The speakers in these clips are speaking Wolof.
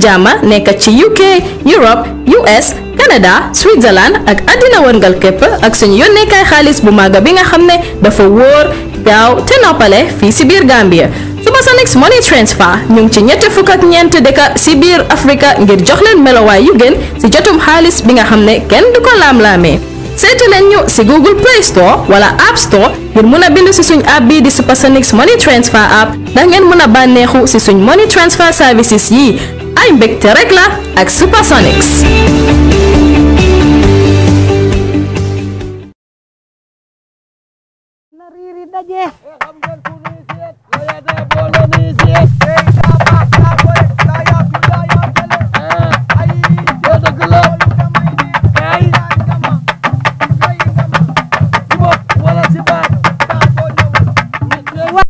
jama jàmm ci UK Europe US Canada Switzerland ak adina wangal kep ak suñu kay xaliss bu maga bi nga xamne ne dafa wóor gaaw te noppale fi ci bir Gambia Supersonic Money Transfer ñu ci ñett fuk ak ci bir Afrika ngir jox leen melowaay yu gën si jottum xaliss bi nga xamne kenn duko lam lamé si Google Play Store wala App Store ngir muna a bind si suñ app bi di Supersonics Money Transfer app Dan ngeen mun a bànneexu suñ money transfer services yi I'm Big regla ak Supersonics. Naririt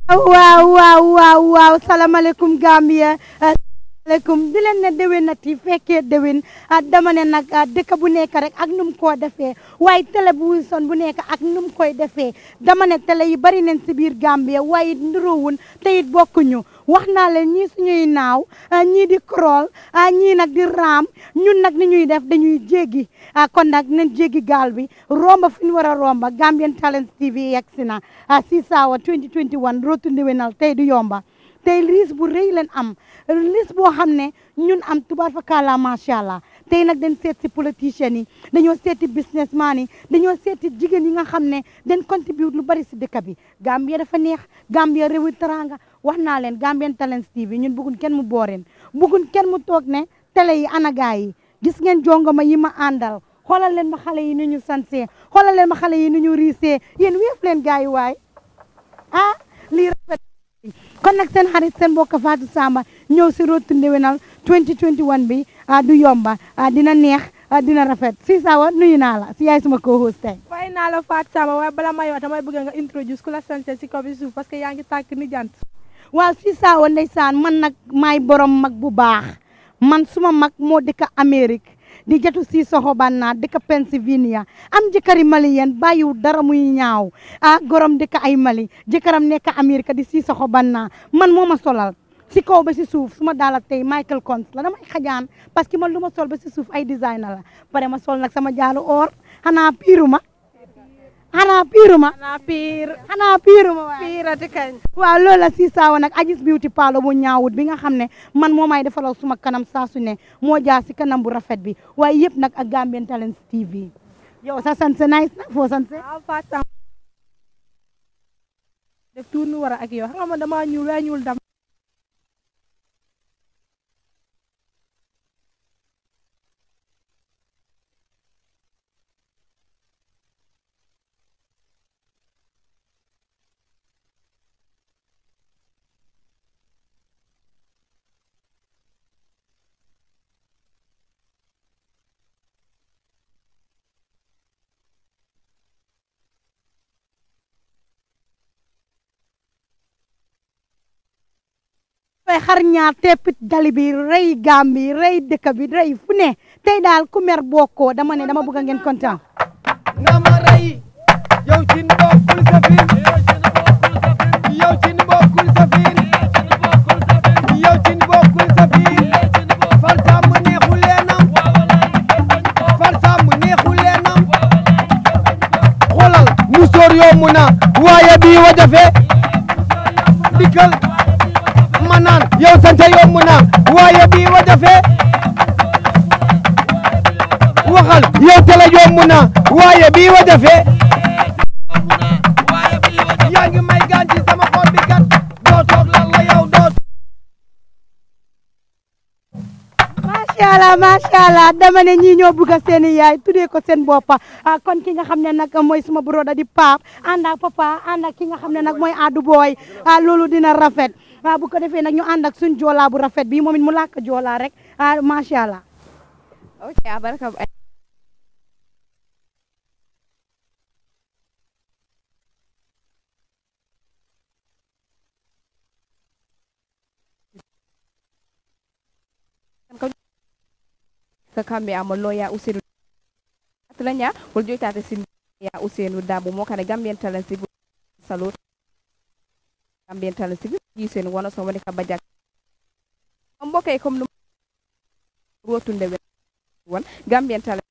Wow, wow, wow, wow, waaw salaamaaleykum Gambia na di leen ne déwénati fekkee déwén ah, dama ne nag ah, dëkk bu nekk rek ak num koo defee waaye tele bu Wilson bu nekk ak num koy defee dama ne tele yi bari nañ si biir Gambia waaye it nduroowun te bokkuñu wax naa leen ñii ñuy naaw ah, ñii di crawl ñii nag di raam ñun nag ni ñuy def dañuy jéggi kon nag nañ jéggi gaal bi romba fu ñu war a romba Gambian Talents TV yegg si na si saawa 2021 rootu ndéwénal tey du yomba te leen am liste bo xam am tuba fa ma macha allah tey nag dañ seet si politiciens yi seti seeti businessman den dañoo seti jigen yi nga xam dañ contribute lu bari si dëkk bi Gambia dafa neex Gambia réewi teranga wax len, leen Gambian Talents TV ñun bëgguñ kenn mu boren bëgguñ kenn mu tok ne télé ana gis ngeen jongoma yi ma andal hola len ma xale yi nu ñu sansee xoolal leen ma xale yi nu ñu riisee yéen wéef leen gaay ah kon nak sen harit sen Fatou Samba ñëw ci road to 2021 bi ah, du yomba ah, dina neex ah, dina rafet si wa nuyu na la si yaay suma co-host tey fay na la fat sama way bala may wa tamay bëgg nga introduce kula santé ci ko bi suuf parce que yaangi tak ni jant waaw si wa ndaysan man nak may borom mag bu baax man suma mag mo dik Amérique di jatu si soho banna dik Pennsylvania am jëkkëri malien bayu dara muy ñaaw ah gorom dik ay Mali jëkkëram nek Amerika di si soho banna man moma solal si kaw ba si suuf su ma daal tey Michael Kors la damay xajaan parce que man lu ma sol ba si suuf ay designer la pare ma sol nag sama jaalu or xanaa piiruma xanaa piiruma xanaa piir xanaa piiruma waaw piirati kañ waaw loolu si saawa nag Ajis Beauty Parlour bu ñaawut bi nga xam ne man moo may defaloo suma kanam saa su ne moo jaar si kanam bu rafet bi waaye yëpp nag ak Gambian Talents TV yow sa sanse nice na foo sanse def tuur nu war a ak yow xam nga man damaa ñuul dam ay ñaar teppit dali bi rey gaam rey dëkk rey fu ne tey daal ku mer bokkoo dama ne dama bëgg ngeen kontaan. na ma rey yow ci bokkul sa biir yow ci bokkul sa biir yow ci bokkul sa biir far sàmm neexu leenam far sàmm neexu leenam xoolal musóor yomb na waaye bii wa dikkal ma naan yow sa nja yomb na waaye wa defee waxal yow te la yomb na waaye bii wa defee yaa ngi may gaan sama xol bi allah macha allah dama ne ñii ñoo bugg seeni yaay tuddee ko seen boppa ah, kon ki nga xam nak moy mooy suma broda di paap Anda papa Anda ak ki nga xam ne nag mooy addu booy ah, loolu dina rafet ah bu ko defé nak ñu and ak suñ jola bu rafet bi moom mu lak jola rek ah sha allah. ok abarka ah, ka kamɓe amollo ya usenu atlanya wol joytate sin ya usenu dabu mo kane gambien talan salut Gambian Talents TV jiisen wona so woni ka bajak on mbokkay comme no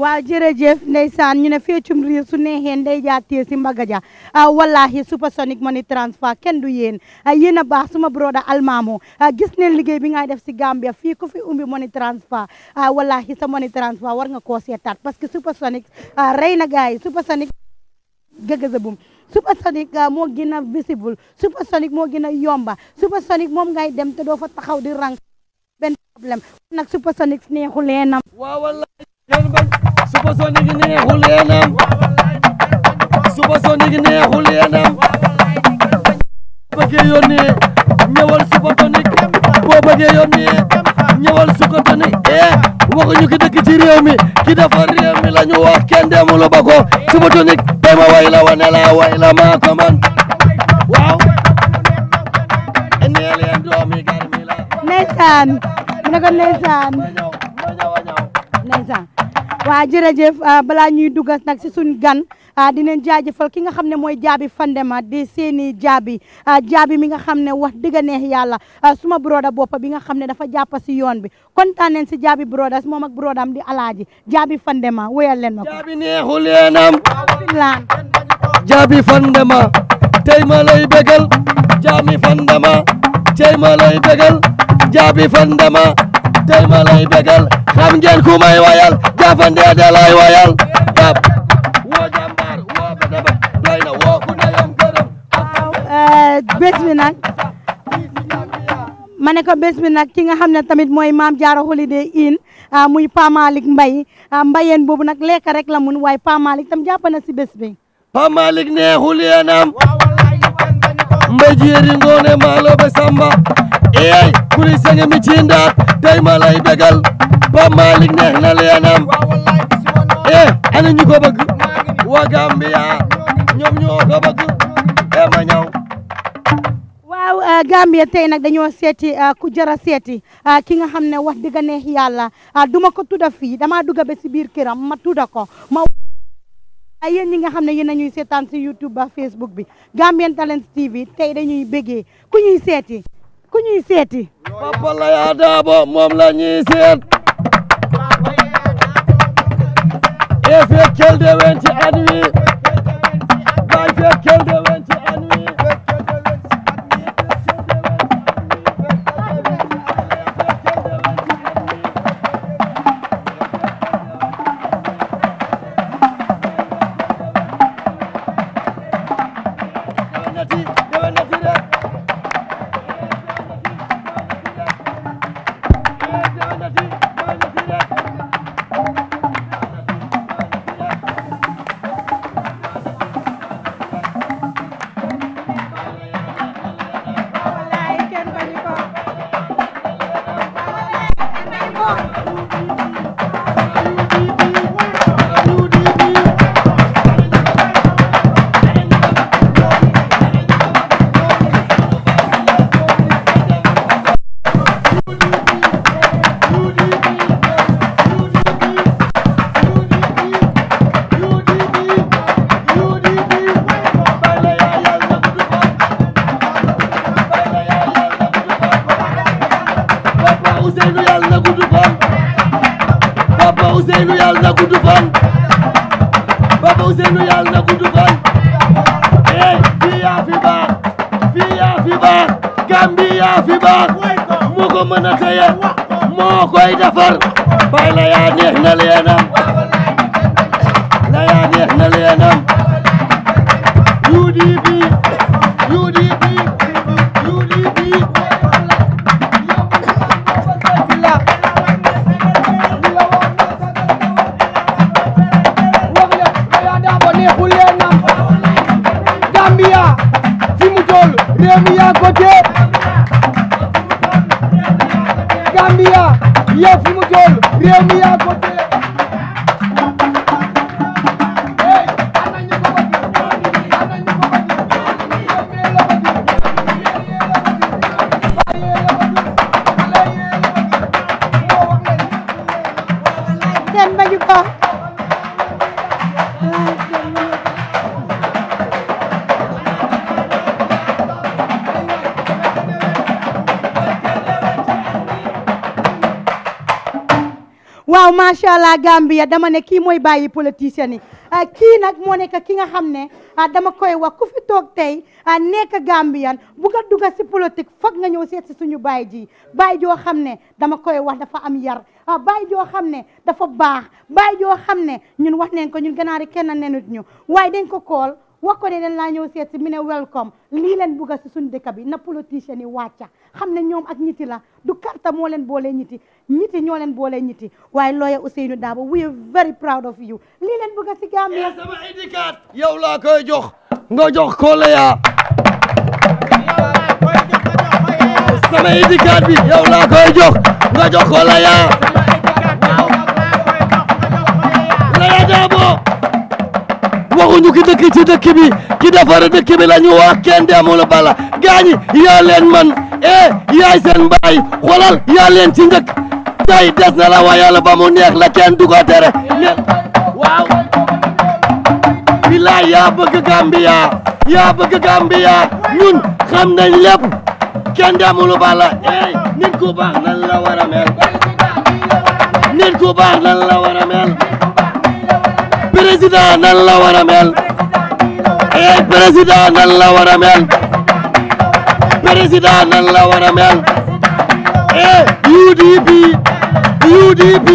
waaw Jeff neysan ñu ne feccum riir su nexe ndey jaa tee si mbaga ah, wallahi supersonic money transfer Ken du yeen ah, yeena a baax suma broda almamo ah, gis neen liggey bi ngay def ci Gambia fi ku fi umbi money transfer wallahi sa money transfer war nga ko setat parce que supersonic rey na supersonic gëgëza bum supersonic moo gina visible supersonic moo gina yomba supersonic moom ngay dem te do fa taxaw di rang benn problème nag supersonic neexu leenam wa wallahi suba soo nigi neexul yéenam suba soo nigi neexul yéenam bëggee yónnee ñëwal suba toni boo bëggee yónnee ñëwal suba toni eh waxuñu ki dëkk ci réew ki defar réew mi la ñu wax ba ko suba toni tey ma way la wane la way la maa ko man waaw nee leen doomi mi la ndeysaan ne ko waa jërëjëf ah, balaa ñuy dugg nag si suñ gan ah, dinañ jaajëfal ki nga xam ne mooy jaabi fandema di seeni jaabi ah, jaabi mi nga xam ne wax dëgg neex yàlla suma broda boppa bi nga xam ne dafa jàpp si yoon bi kontaan si jaabi brodas moom ak brodam di alaaji jaabi fandema wéyal leen ma ko jaabi neexu leenam fandema tey ma lay bégal jaabi fandema ma tey ma xam ngeen ku may wayal jafande de wayal dab woo jàmbaar woo bédaba doy na woo ku nayam gërëm eh, bés bi nag ko bés bi ki nga xam ne tamit mooy Maam Jaara Holiday Inn ah, muy Pa Malick ah, mbayeen boobu nag lekk rek la mun waaye Pa Malick si bés bi ne xuliyanam mbay jeeri ngoone maalo samba iyey kuli senge mi ci ndaat day ba Malick neex na leenam e ana ñu ko bëgg waa Gambia ñoom ñoo ko bëgg e ma ñëw waaw tey nag dañoo seeti ku jara seeti ki nga xam ne wax dëgg neex yàlla duma ko tudda fii dama dugga ba si biir këram ma tudda ko ma ay ñi nga xam ne yi ñuy seetaan si YouTube ba Facebook bi Gambian Talents TV tey dañuy bégee ku ñuy seeti ku ñuy seeti. Papa Laya moom la ñuy seet. e fekkel dewen ci at wi. bay waaw macha allah Gambia dama ne kii mooy bàyyi politicien yi ah, kii nag moo nekk ki nga xam ne ah, dama koy wax ku fi toog tey ah, nekk Gambian bu nga dugg si politique foog nga ñëw seet si suñu baay ji baay joo xam ne dama koy wax dafa am yar baay joo xam ne dafa baax baay joo xam ne ñun wax neen ko ñun ganaari kenn nenut ñu waaye dañ ko kool wax ko ne leen laa ñëw seet si mu ne welcome lii leen bugg si suñ dëkk bi na politicien yi wàcca xam ne ñoom ak ñiti la du karta moo leen boolee ñiti ñiti ñoo leen boolee ñiti waaye lawyer Ousainou Darboe we are very proud of you lii leen bugg si Gambia sama yow laa koy jox nga jox ko leya sama édicat bi yow laa koy jox nga jox ko leya leya Darboe waxuñu ki dëkk ci dëkk bi ki defar dëkk bi la wax kenn demul bala gaañi yaa leen man e, yaay seen mbaay xolal yaa ci njëkk tey des na la wayal ba mu neex la kenn du ko waaw bilaay yaa bëgg Gambia yaa bëgg Gambia ñun xam nañ lépp kenn demul bala eh nit ku baax nan la war a ku baax nan la war président nan la war mel ay président nan la war a mel président nan la UDP UDP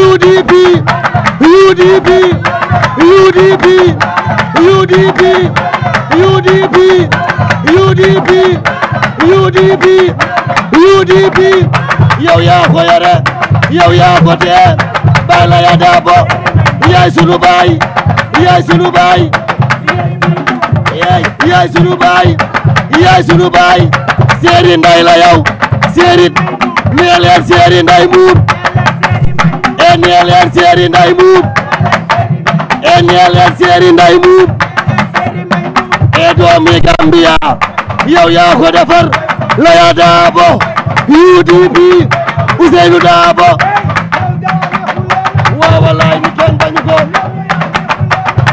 UDP UDP UDP UDP UDP UDP UDP UDP yow yaa ko yore yaa ko tee Bala Yada yaay sunu yaay sunu yaay sunu baay nday la yow séeri nee leen séeri nday muum e nee leen séeri nday muum e nee leen séeri nday muum e defar Laya Dabo UDP Ousainou Dabo ko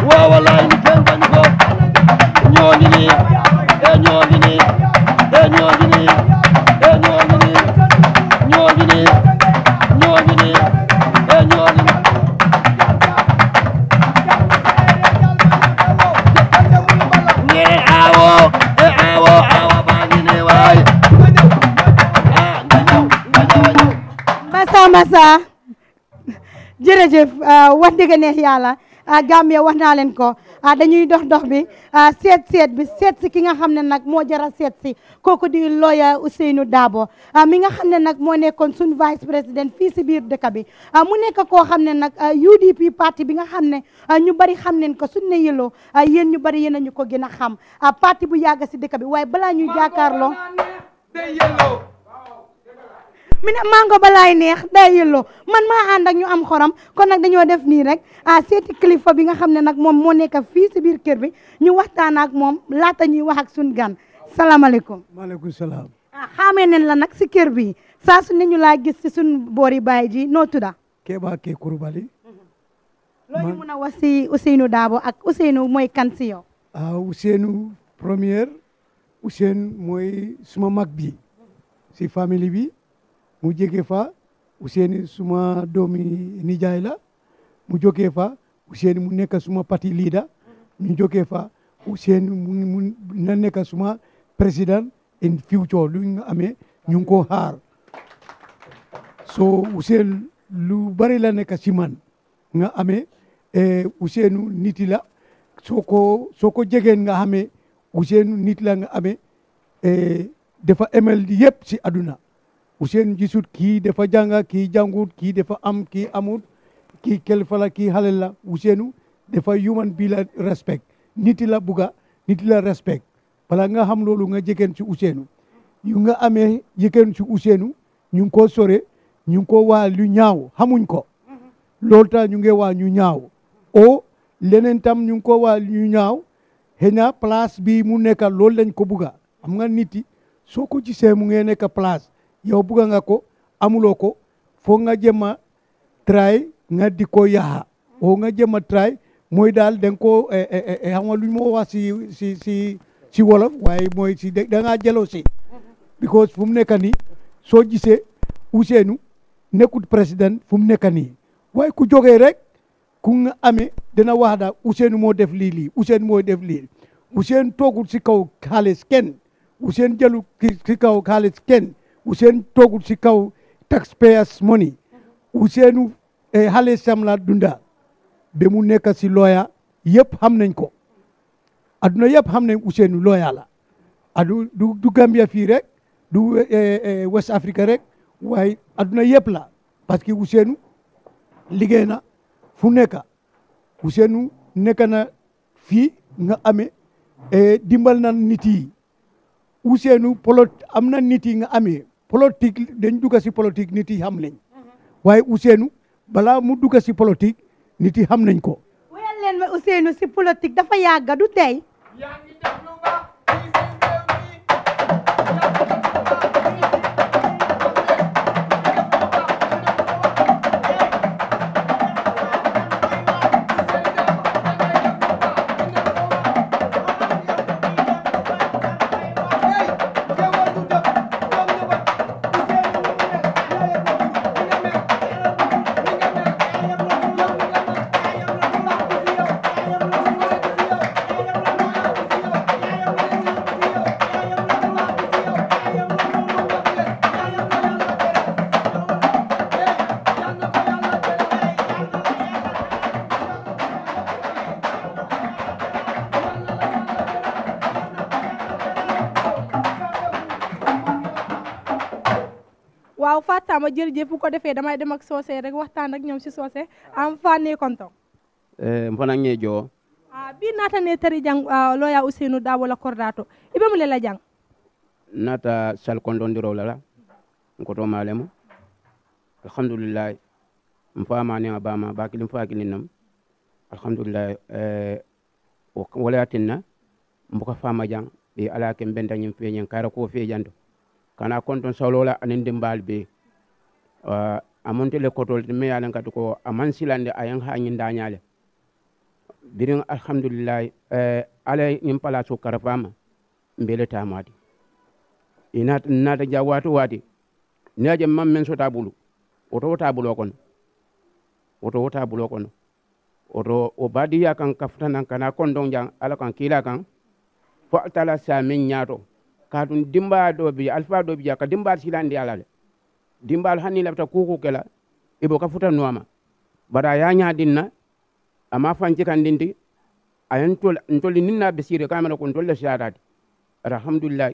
waaw walaay ñu kenn bañ ko ñoo ngi nii e ñoo ngi nii e ñoo ngi nii e ñoo ngi nii ñoo ngi nii ñoo ngi nii e ñoo ngi nii ñee aawo e aawo aawo baa ngi nii waay masa masa jërëjëf euh, wax dëgg neex yàlla euh, Gambia wax naa leen ko euh, dañuy dox dox bi seet seet bi seet si ki nga xam ne nag moo jara seet si kooku di lawyer Ousainou Darboe mi nga xam ne nag moo nekkoon suñu vice président fii si biir dëkk bi mu nekk koo xam ne nag UDP parti bi nga xam ne ñu bari xam nañ ko suñ ne yëloo yéen ñu bari yéen a ñu ko gën a xam parti bu yàgg si dëkk bi waaye balaa ñuy jàkkaarloo mi ne mango balay neex dayelo man ma and ak ñu am xoram kon nak dañu def ni rek a ah, seeti kilifa bi nga xamne nak mom mo nekk fii si biir bi ñu waxtaan ak mom laata ñuy wax ak sun gan salaamaaleykum wa salaam salam ah, nen la nak ci keer bi sa su ñu la gis ci sun boori ji Keba ke Kurubali lo ñu mën wasi wax dabo ak Ousseynou moy kan ci yow ah Ousseynou premier, Ousseynou moy suma mag bi si family bi mu jege fa Ousseyni suma doomi nijaay la mu jógee fa Ousseyni mu nekk suma pati liida mu jógee fa Ousseyni mu na nekk suma président in future lu ñu amee ñu ngi ko xaar so Ousseyni lu bari la nekk si man nga amee eh, Ousseyni nit la soo ko soo ko jegeen nga xamee Ousseyni nit la nga amee eh, dafa emal yëpp si aduna Ousainou gisut kii dafa jànga kii jàngut kii dafa am kii amut kii kilifa kii xale la Ousainou dafa human bi la respect nit la buga nit la respect bala nga xam loolu nga jëkkeen ci Ousainou yu nga amee jëkkeen ci Ousainou ñu ngi koo sore ñu ngi ko waa lu ñaaw xamuñ ko mm-hmm. loolu tax ñu ngi waa ñu ñaaw o leneen tam ñu ngi ko waa ñu ñaaw xëy na place bi mu nekka loolu lañ ko buga am nga nit yi soo ko gisee mu ngi nekk place yow bugga nga ko amuloo ko foo nga jëmma a try nga di ko yaxa foog nga jéem a try mooy daal da ko e xam nga lu ñu wax si si si si wolof waaye mooy si da ngaa jëloo si because fu mu nekk ni soo gisee useenu nekkut président fu mu nekk nii waaye ku jógee rek ku nga amee dana wax daal Ousseynou moo def lii lii Ousseynou moo def lii Ousseynou toogul si kaw xaalis kenn Ousseynou jëlu si kaw xaalis kenn Ousainou toogul si kaw taxpayers money Ousainou xale eh, sam la dunda ba mu nekk si looya yëpp xam nañ ko adduna yëpp xam nañ Ousainou lawyer la adu du Gambia fii rek du eh, eh, West Africa rek waaye adduna yëpp la parce que Ousainou liggéey na fu nekk wuseenu nekk na fii nga amee dimbal na nit yi Ousainou polo am na nit yi nga amee politique dañ dugg si politique nit yi xam nañ waaye Ousseynou balaa mu dugg si politique nit yi xam nañ ko. wéyal leen ma Ousseynou si politique dafa yàgg du tey. waxtaan ma jërëjëf bu ko defee damay dem ak soosee rek waxtaan ak ñoom si soosee am fànnee kontoŋ. Eh, mbona ngee joo. Ah, bii naata ne tari jàng ah, looya useenu daabu la kordaato ibam la la jàng. naata sal kondoon di raw la la nko too maale ma alhamdulilah m faamaa ne a baama baaki li m faaki ni nam alhamdulilah eh, walayatin na mboka faama jàng bi alaa ke mbenta ñim feeñen kara koo feejanto kana konton sawloola anin dimbaal bee uh, amonte kotol me ya lan ko aman silande ayan ha nyin danyale birin alhamdulillah uh, ala nyim pala so karfama mbele tamadi ina na ta jawatu wati ne je mam men so tabulu oto tabulo kono oto tabulo kono oto o badiya kan kaftanan kana kondon jan ala kan kila kan fo tala samin nyato kadun dimba do bi alfa do bi ka dimba silandi alale dimbal la ta kuku kela ibo ka futa nuwama bara ya nya dinna ama fanci kan dindi ayan tol tol ninna besire kamera ko tol sharati alhamdulillah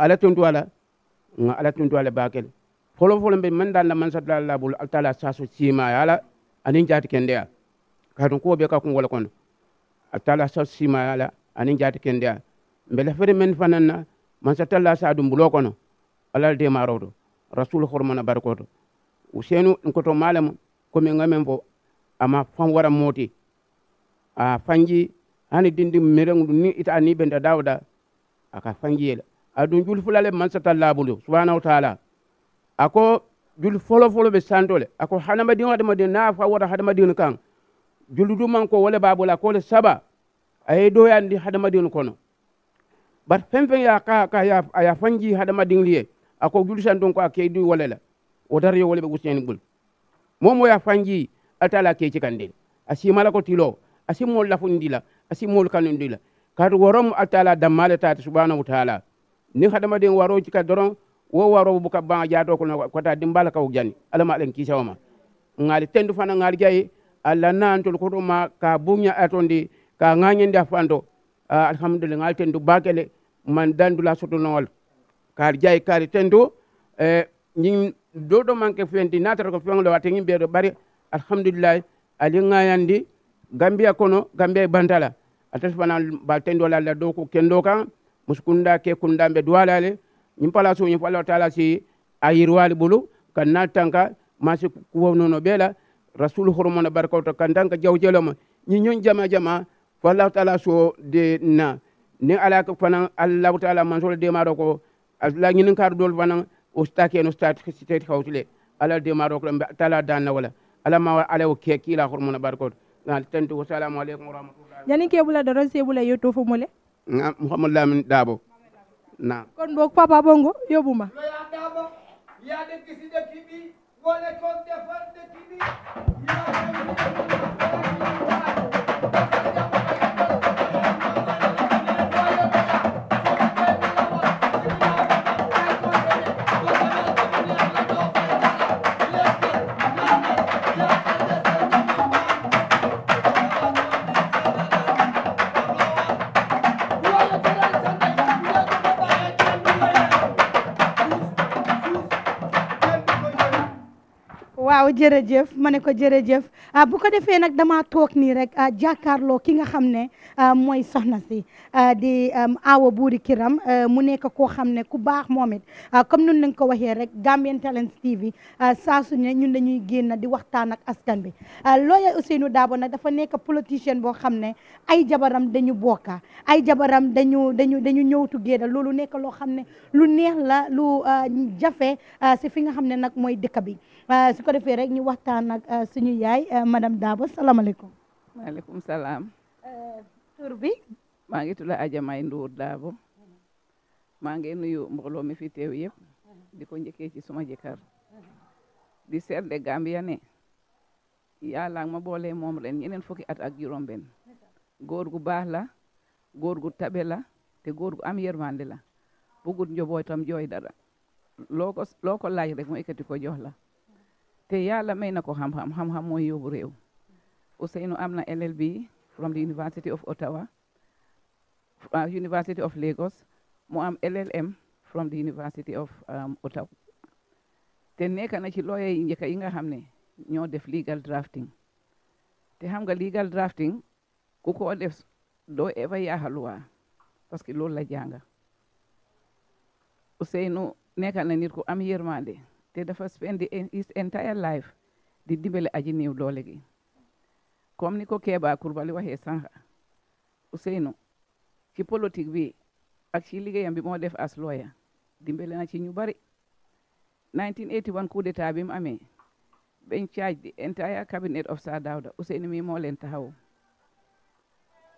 ala tun wala ala tun wala bakel folo folo be man dal man sadda Allah bul altala su sima ala anin jati kende ya tun ko be ka kun wala kono altala su sima ala anin jati kende ya mbele fere men fananna man sa Allah sa dum bulo kono ala de marodo rasul hormona barkoto usenu nkoto malem komi ngamen fo ama fam wara moti a fanji hani dindi merengu ni ita ni benda dawda aka fanji yela adun jul fulale man sata labulu subhanahu ta'ala ako jul folo folo be santole ako hanama dinga de di na fa wara hadama din kan jul du man ko wala babula ko le saba ay do yandi hadama din kono bar fem fem ya ka ka ya, ya fanji hadama din liye ako julisan don ko a du wala la o dar yo wala ɓe gusñani ɓol ya fanji atala keci kanden a simala ko tilo asi a la fundi la asi a simmol ndi la kadi worom atala dammale ta subhanahu wa taala ni hadama hadamaden waro ci ka doron wo waro bu ka ban jaato ko ko kota dimbala kaw jani len ki kisawama ngali tendu fana ngali jayi alla nantol koto ma ka bunya atondi ka nganyende afando fando ah, alhamdulillah ngali tendu bakele man dandula sotu sotonowal ka har jayi kaari tendu ñin eh, dow ɗo fendi natata ko feŋle wata ñin ɓeeɗo ɓari alhamdulillahi ali gayandi gambiya kono gambiya e bantala ata fana mbal tendo lalla dow ko kendo kan muskunda ke kundambe duwalale ñin palaso ñin fo allahu taala si a yirwali ɓolu kan na tanka masi kuwownono ɓeela rasul hormono barkawto kan tanka jawjeloma ñin ñon jama jama fo allahu taala so de na ni ala fana allahu taala mansolo demaɗo ko la ñinin kar dol wana usta ke no stat khisitet khawtule ala de marok lambe tala dan wala ala ma ala o ke kila hormona barkot na tantu wa salamu alaykum wa rahmatullahi yani ke bula daro se bula yoto fo mole muhammad lamin dabo na kon bok papa bongo yobuma ya dabo ya de kisi de kibi wala kon de far de kibi ya jërëjëf ma ne ko jërëjëf ah, bu ko defee nag dama toog nii rek ah, jàkkaarloo ki nga xam ne ah, mooy soxna si di Awa Boury Kiram mu nekk koo xam ne ku baax moom it comme nun lañ ko waxee rek Gambian Talents TV saa su ne ñun dañuy génn di waxtaan ak askan bi looya Ousseynou Dabo nag dafa nekk politicien boo xam ne ay jabaram dañu bokka ay jabaram dañu dañu dañu ñëwtu géeda loolu nekk loo xam ne lu neex la lu jafe si fi nga xam ne nag mooy dëkk bi Ah, su ko defee rek ñu waxtaan ak ah, suñu yaay ah, madame Dabo salaamaaleykum. maaleykum salaam. Eh, tur bi. maa ngi tudd Ajamay Ndour Dabo. maa ngi nuyu mbooloo mi fi teew yëpp. di ko njëkkee ci suma jëkkër. di seet de Gambia ne. ma boole moom ren ñeneen fukki at ak juróom-benn. góor gu baax la. góor gu tabe la. te góor gu am yërmande la. bugut njobootam jooy dara. loo ko loo ko laaj rek mu ekkati ko jox la. te yàlla may na ko xam-xam xam-xam mooy yóbbu réew Ousseynou am na LLB from the University of Ottawa uh, University of Lagos mu am LLM from the University of um, Ottawa te nekk na ci lawyer yi njëkk yi nga xam ne ñoo def legal drafting te xam nga legal drafting ku ko def doo eva yaaxa luwaa parce que loolu la jànga Ousseynou nekk na nit ku am yërmande te dafa spend his entire life di dimbale aji néew doole gi comme ni ko Kéba Kurbali waxee sànq Ousseynou ci politique bi ak ci liggéeyam bi moo def as lawyer dimbale na ci ñu bari 1981 coup d'état bi mu amee bañ charge the entire cabinet of Sir Dawda Ousseynou mi moo leen taxaw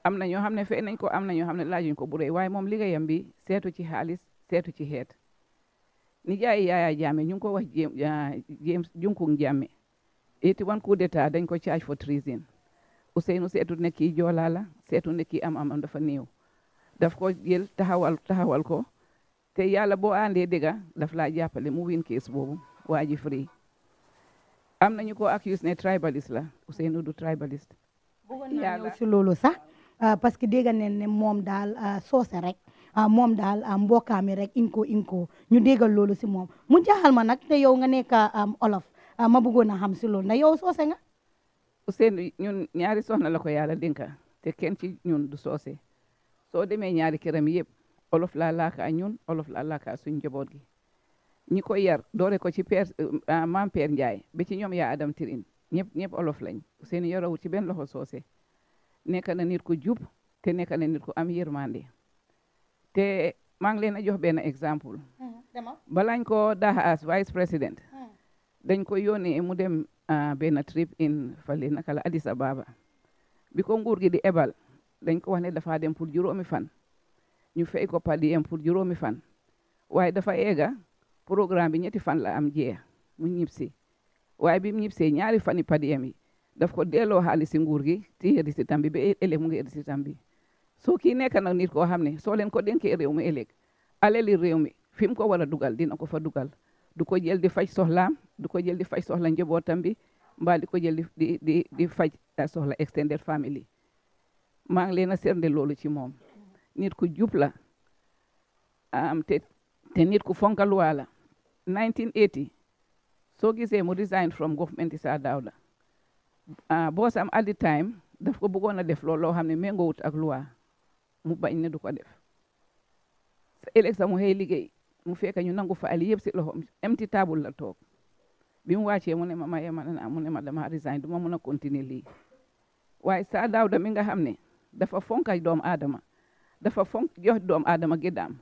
am na ñoo xam ne fey nañ ko am na ñoo xam ne laajuñ ko bu dee waaye moom liggéeyam bi seetu ci xaalis seetu ci xeet nijaay Yaya Jammeh ñu ngi ko wax James Junkung Jammeh 81 coup d'état dañ ko charge for treason Ousseynou seetu ne kii Joola la seetu ne kii am am dafa néew daf ko jël taxawal taxawal ko te yàlla boo àndee dëgga daf laa jàppale mu win case boobu waa ji free am nañu ko accuse ne tribaliste la Ousseynou du tribaliste. yàlla si loolu sax ah, parce que dégg neen ne moom daal ah, soose rek. Ah, moom daal ah, mbokkaami rek inko inko ñu déggal loolu si moom mu jaaxal ma nag te yow nga nekk ah, olof am ma bëggoon a xam si loolu na yow soose nga Ousseynou ñun ñaari soxna la ko yàlla dénka te kenn ci ñun du soose soo demee ñaari këram yëpp olof laa laakaa ñun olof laa laakaa suñ njaboot gi ñi ko yar doore ko ci père euh, maam père Ndiaye ba ci ñoom yaa Adam Tirin ñëpp ñëpp olof lañ Ousseynou yorawul ci benn loxo soose nekk na nit ku jub te nekk na nit ku am yërmande te maa ngi leen a jox benn exemple. balaañ ko Daha as vice president. dañ ko yónnee mu dem ah, benn trip in fale naka la Addis Ababa. bi ko nguur gi di ebal dañ ko wax ne dafa dem pour juróomi fan. ñu fay ko par diem pour juróomi fan. waaye dafa eega programme bi ñetti fan la am jeex mu ñibsi waaye bi mu ñibsee ñaari fani padiem yi daf ko delloo xaalis si nguur gi ti yeddi si tam bi ba mu ngi yeddi si tam bi soo kii nekk nag nit koo xam ne soo leen ko dénkee réew mi ëllëg alali réew mi fi mu ko war a dugal dina ko fa dugal du ko jël di faj soxlaam du ko jël di faj soxla njabootam bi mbaa di ko jël di di di faj soxla extended family maa ngi leen a sernde loolu ci moom nit ku jub la am te te nit ku fonka luwaa la 1980 soo gisee mu resign from government Sir Dawda ah, boosam at the time daf ko bëggoon a def loolu loo xam ne méngoowut ak luwaa mu bañ ne du ko def sa ëllëg sa mu xëy liggéey mu fekk ñu nangu faali yëpp si loxoom empty table la toog bi mu wàccee mu ne ma maye ma mu ne ma dama resign du a continuer lii waaye saa Dawda mi nga xam ne dafa fonka doomu aadama dafa fonk jox doom aadama gëddaam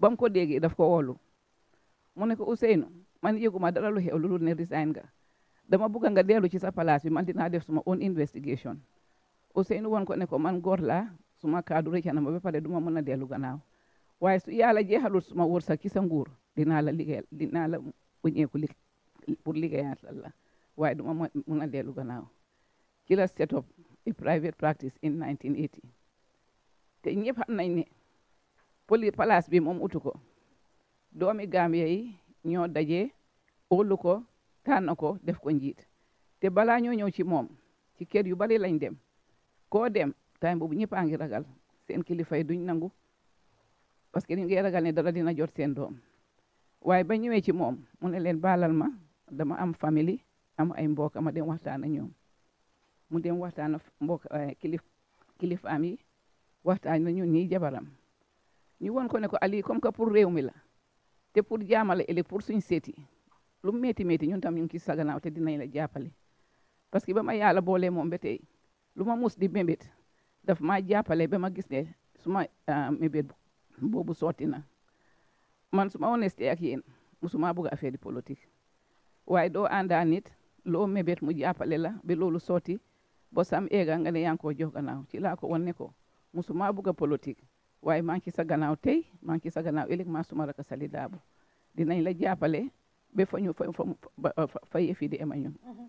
ba ko déggee daf ko wóolu mu ne ko Ousseynou man yëguma dara lu xew lu ne resign nga dama bëgg nga dellu ci sa place bi man dinaa def suma own investigation Ousseynou woon ko ne ko man góor laa suma kaddu rëcc na ma ba pare du ma mën a dellu gannaaw waaye su yàlla jeexalul suma wërsëg ci sa nguur dinaa la liggéeyal dinaa la wëññeeku li pour liggéeyal la waaye du ma mën a dellu gannaaw ci la set up a private practice in 1980 te ñëpp xam nañ ne poli place bi moom utu ko doomi Gambia yay ñoo daje óolu ko tànn ko def ko njiit te balaa ñoo ñëw ci moom ci kër yu bari lañ dem koo dem time boobu ñëpp ngi ragal seen kilifa duñ nangu parce que ñu ngi ragal ne dara dina jot seen doom waaye ba ñëwee ci moom mu ne leen baalal ma dama am famille am ay mbokk ma dem waxtaan ak ñoom mu dem waxtaan ak mbokk eh, kilif kilifaam yi waxtaan na ñun ñii jabaram ñu won ko ne ko ali comme que pour réew mi la te pour jaamale ele pour suñ seeti lu metti metti ñun tam ñu ngi ci saganaaw te dinañ la jàppale parce que ba ma yàlla boolee moom ba lu ma mus di mbébét daf maa jàppale ba ma gis ne suma ah, mébét boobu sotti na man suma honesté ak yéen musuma bëgg affaire di politique waaye doo àndaa nit loo mébét mu jàppale la ba loolu sotti ba sam eega nga ne yaa jox gannaaw ci laa ko wan ne ko musuma waaye maa ngi ci sa gannaaw tey maa ngi ci sa gannaaw ëllëg maa suma raka sali daabu dinañ la jàppale ba fa ñu fa fa yëfi di ema mhm.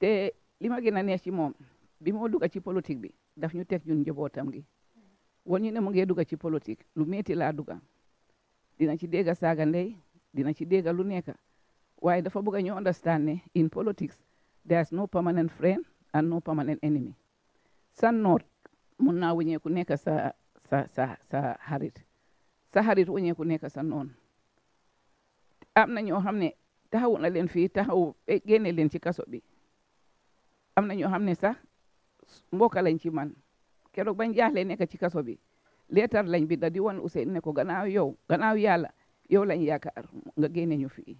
te li ma gën ne neex ci moom bi moo dugg ci politique bi daf ñu teg ñu njabootam gi woon ñu ne mu ngi dugga ci politique lu métti laa dugg dina ci dégg saaga ndey dina ci dégg lu nekk waaye dafa bëgg ñu understand ne in politics there is no permanent friend and no permanent enemy sa noot mun naa wëñeeku nekk sa sa sa sa xarit sa xarit wëñeeku nekk sa noon am na ñoo xam ne taxawu na leen fii taxawu eh, génne leen ci kaso bi am na ñoo xam ne sax mbokk lañ ci man keroog bañ jaaxle nekk ci kaso bi leetar lañ bi di wan Ousseyn ne ko gannaaw yow gannaaw yàlla yow lañ yaakaar nga génne ñu fii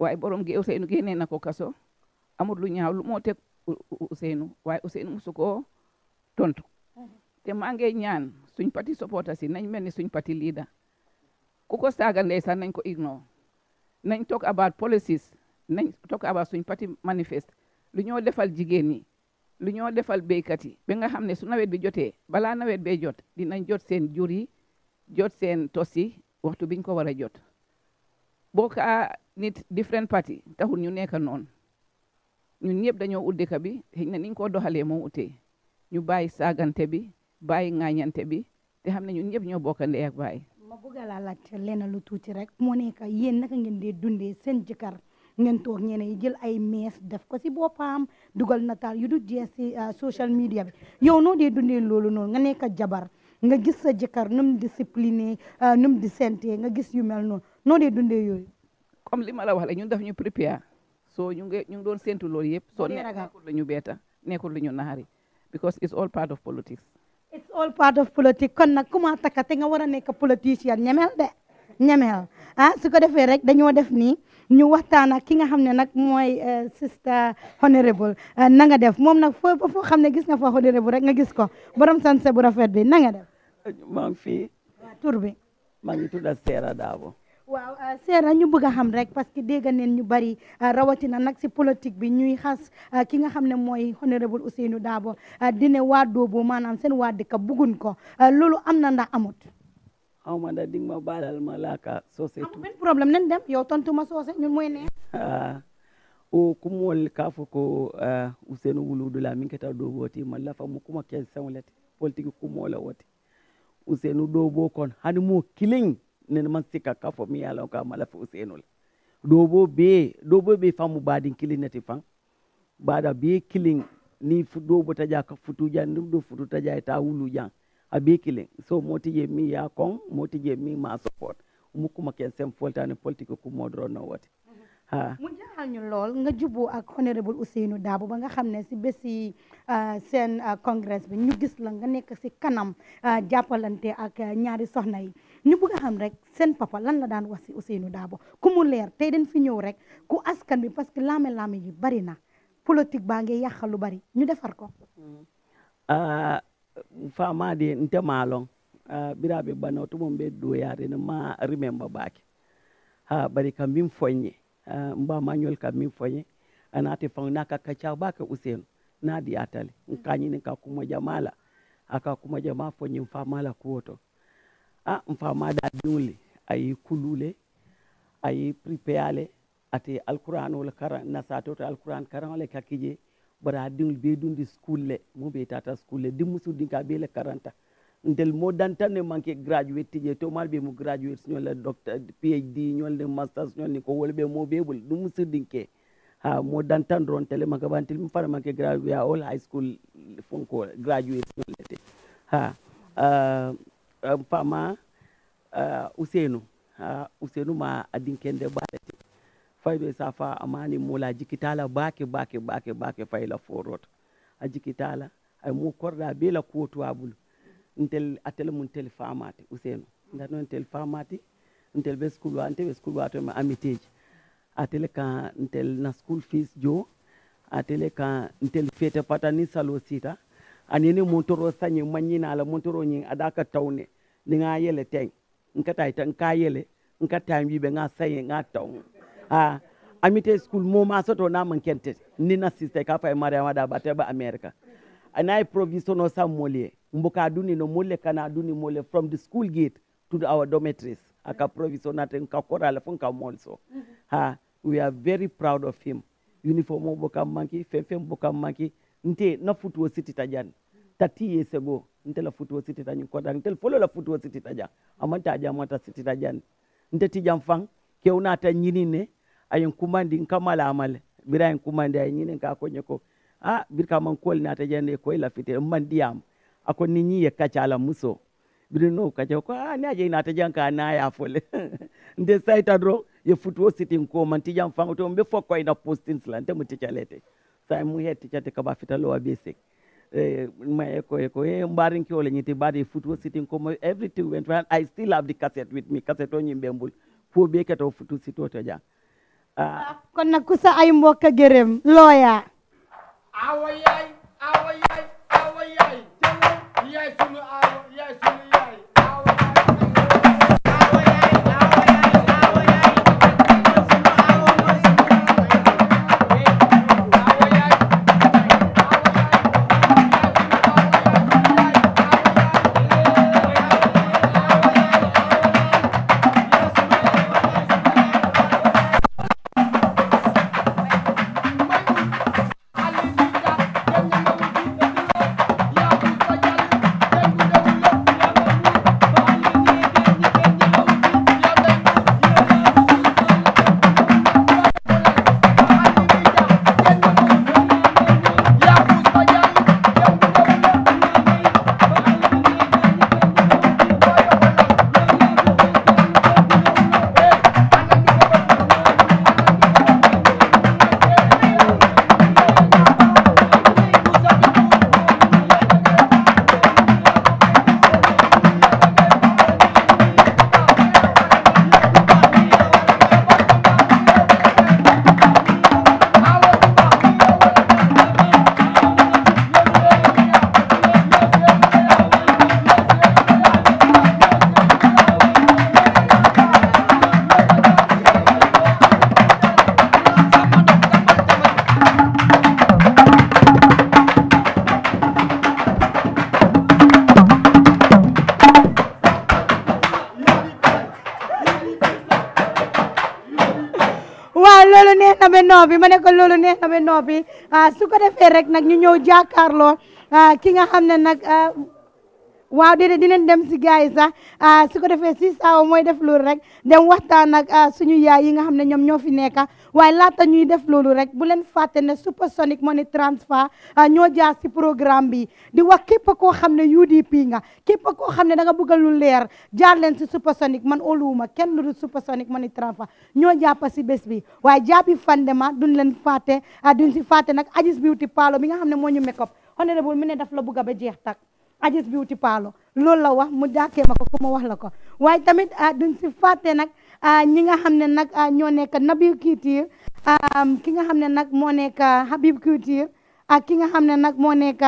waaye borom gi Ousseynou génne na ko kaso amul lu ñaaw lu moo teg Ousseynou waaye Ousseynou musu tont te maa ngi ñaan suñ pati supporter nañ mel ni suñ pati liida ku ko saaga ndeysaan nañ ko ignore nañ talk about policies nañ talk about suñ pati manifeste lu ñoo defal jigéen ñi lu ñoo defal béykat yi ba nga xam ne su nawet bi jotee balaa nawet bee jot dinañ jot seen jur yi jot seen tos yi waxtu biñ ko war a jot boo kaa ah, nit different party taxul ñu nekk noonu ñun ñëpp dañoo ut dëkk bi xëy na niñ ko doxalee moo utee ñu bàyyi saagante bi bàyyi ŋaañante bi te xam ne ñun ñëpp ñoo bokk ndey ak baay ma bëgg laa laajte lenn lu tuuti rek moo nekk yéen naka ngeen dee dundee seen jëkkër ngeen toog ñeneen yi jël ay mees def ko si boppam dugal nataal yu du jeex si euh, social media bi yow noo dee dundee loolu noonu nga nekk jabar nga gis sa jëkkër nu mu discipliné euh, nu mu di sentee nga gis yu mel noonu noo dee dundee yooyu. comme li ma la wax rek ñun daf ñu prépare soo ñu ngi ñu ngi doon séntu loolu yëpp. soo nekkul lu ñu beeta nekkul lu ñu naxari because it's all part of politics. it's all part of politics kon nag comment takate nga war a nekk politicien ñemel de. ñemeel ah su ko defee rek dañoo def nii ñu waxtaan ak ki nga xam ne nag mooy euh, sister honorable euh, na nga def moom nag foo foo xam ne gis nga fa honorable rek nga gis ko borom san sanse bu rafet bi na nga def. Euh, maa ngi tur bi. maa ngi tudd Seera Daabo. waaw ñu bëgg a xam rek parce que dégg ñu bari rawatina nag si politique bi ñuy xas ki nga xam ne mooy honorable Ousainou Daabo di ne waa Dóobo maanaam seen waa dëkk bugguñ ko loolu am na ndax amut. aw ma da ding ma baalal ma laaka soose tu problème nañ dem yow tontu ma soose ñun mooy ne ah, o kumol ka fo ko ah, usenu wuludu la min keta do woti ma lafa mu kuma ken sawlati politique kumola woti usenu do bo kon hani mo kilin nen man sika ka fo mi yalo ka ma lafa usenu la do bo be do bo be famu badin kilin nati fan bada be kilin ni do bo taja ka futu jan do futu taja ta wulu jan a ɓe kilen so motije mi ya kon motije mi ma support mukkuma ken sen foltani politique ko modoro no wote ha mu jaaxal ñu lool nga juboo ak honorable Ousseynou Dabo ba nga xam ne si bési euh, seen euh, congrès bi ñu gis la nga nekk si kanam euh, jàppalante ak ñaari soxna yi ñu bëgg xam rek seen papa lan la daan wax si Ousseynou Dabo ku mu leer tey dañ fi ñëw rek ku askan bi parce que laame-laame yi bari na politique baa ngi yàq lu bari ñu defar ko hmm. ah, fama di nte malon uh, birabe bana to mon be do yare ne ma remember back ha bari kam min fonye uh, mba manyol kam min fonye anate fauna ka kacha baka usenu nadi atale nkanyi ne ka kuma jamala aka kuma jamaa fonye la kuoto a da dole ayi kulule ayi prepare ale ate alquran wala karan nasato alquran karan wala kakije bara diŋol be dundi school le mu be tata school le dimusu dinka be le karanta ntel moo dantan ne manke graduate je to mal be mu graduate ñol le docteur phd ñol le masters ñol ni ko wol be mo be bul dimusu dinke ha mo dantan ron tele manke bantil mu fara manke graduate all high school fonko graduate ñol le ha uh, um, fama uh, usenu ha usenu ma adinkende baale fayɓe safa amani mola jikitala baake bake bake bake fayla forota a jikitala ay mo korɗa bela kotowabulu ntel atel mum tel famate useno nda noon tel ntel ɓe school wa nte ɓe school watoma amiteji atele ka ntel na school fees jo atele ka ntel fete pata salo sita anene montoro sañi mañinala montoro ñing adaka tawne ni nga yele teng nkata ita nka yele nka wiɓe nga sañe nga taw Ah, a amite school mo ma soto na man kente ni na sister ka fay mariama da bate ba america and i provision no sa mole mbuka duni no mole kana duni mole from the school gate to the, our dormitories aka provision na ten ka korala fon ka molso mm-hmm. ha we are very proud of him uniform mo boka manki fem fem boka manki nte na futuo city tajan tati years ago nte la futuo city tajan ko kota tel folo la futuo city tajan amanta jamata city tajan nte tijam fang keuna una ta nyinine ayin kumandi in kamal amal bira ayin kumandi ayin yinin ka konye ko ah bir ka man kol na ta jande ko ila fite man diam ako ni nyi ka kacha ala muso bir no ka kacha ko ah ni aje na ta janka na ya fole nde saita dro ye futuo sitin ko man ti jam fango to mbe fokko ina postin slante muti chalete sai mu he tichate ka ba fita lo eh ma eko ko e eh, mbarin ki ole nyiti bari futuo sitin ko everything went well i still have the cassette with me cassette o nyimbe mbul fo be ka to futu sito to jang Ah. kon nag ku ay mbokk a gërëm looya loolu neex na ba noppi ah, su ko defee rek nag ñu ñëw jàkkaarloo ah, ki nga xam ne nag ah, waaw déedéet dinañ dem si gars sa sax su ko defee si saawa mooy def loolu rek dem waxtaan ak suñu yaay yi nga xam ne ñoom ñoo fi nekk waaye laata ñuy def lolu rek bu len faté né supersonic money transfer ah, ñoo jaar si programme bi di wax képp ko xamné UDP nga képp ko xamné da nga bëgg lu leer jaar len si supersonic man oluwuma kenn lu supersonic money transfer ñoo pa si bés bi bi fandé fandema duñ len faté ah, duñ si faté nak Ajis Beauty Palo mi nga xamné mo ñu make up honorable mu ne daf la bëgga ba jeex tak Ajis Beauty Palo lolu la wax mu jaaké ma ko ku wax la ko tamit ah, duñ si faté nak Ah, ñi nga xam ne nag ah, ñoo nekk Nabil Couture ki nga xam ne nag moo nekk Habib Couture ak ki nga xam ne nag moo nekk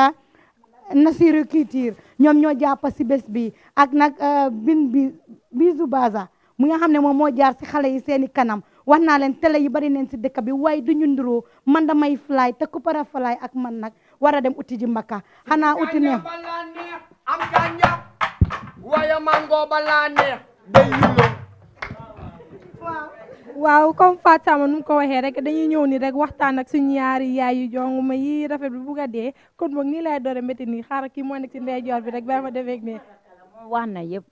Nasiru Couture ñoom ñoo jàpp si bés bi ak nag ah, bin bi bisu baza mu nga xam ne moom moo jaar si xale yi seeni kanam wax naa leen télé yi bari neen si dëkk bi waaye du ñu nduroo man damay fly te ku para fly ak man nag war a dem uti ji makka xanaa uti ne am gàncax waaye mango ba laa neex day waaw comme Fatou Sama nu mu ko waxee rek dañuy ñëw ni rek waxtaan ak suñu ñaari yaay yu jong ma yi rafet bi bugg dee kon boog nii lay doore métti nii xaaral kii moo nekk ci ndeyjoor bi rek ba ma defee ne wax na yëpp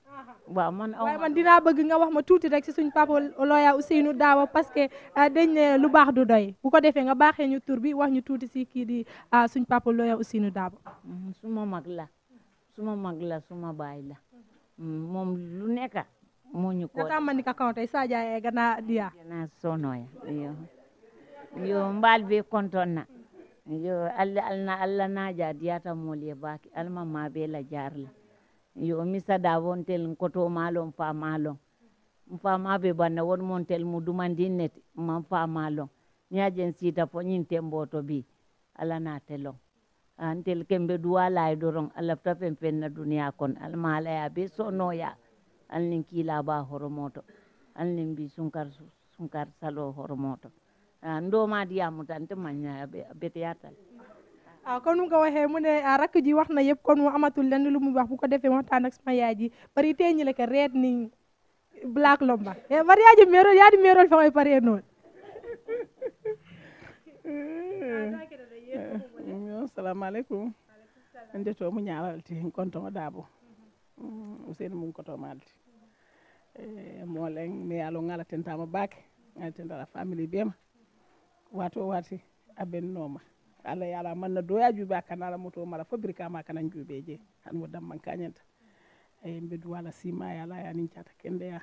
waaw man waaye man bëgg nga wax ma tuuti rek si suñ papa looya Ousseynou Daawa parce que ah, dañ ne lu baax du doy bu ko defee nga baaxee ñu tur bi wax ñu tuuti si kii di ah, suñ papa looya Ousseynou Daawa mm, suma mag la suma mag la suma baay la mm, moom lu nekk munyu ko kama nikakonta isaja e gana dia gana sonoya yo yo be kontonna yo allah alna allah naja diyata moli e baki alma ma be la jarla yo misada wontel koto malon fa malon famaɓe banna won montel mu dumandinnete man fama lon ñajen sita fo ñin temboto bi ala naate lon antel kembe duwa lay doron allah tafen na duniya kon alma alaya be sonoya alnin kilaba horomoto alnin bisungkar sunkar sunkar salo horomoto ah, ndoma diyamu tan te ah, ah, te beteyatal a kon mu ko waxee mu ne rakk ji wax na kon mu amatul len lu mu wax bu ko mo tan ak sama yaaji bari ka red ni black lomba ya, bari yaay merol meerol yaa di meerol fa koy paree noonu mm, assalamualeykum en jetto mu ñaalalti kontoŋo daabo mm, useni mum Eh, moolen mi yaalo ngala tentama baake ngala tentata famili bema wato wati abennoma allah yo ala manna doya juuɓe kana ala moto mala fo birikama kanan juuɓe je han wo damman kañanta eyi eh, mbe duwala sima e ala e anin cata kendeya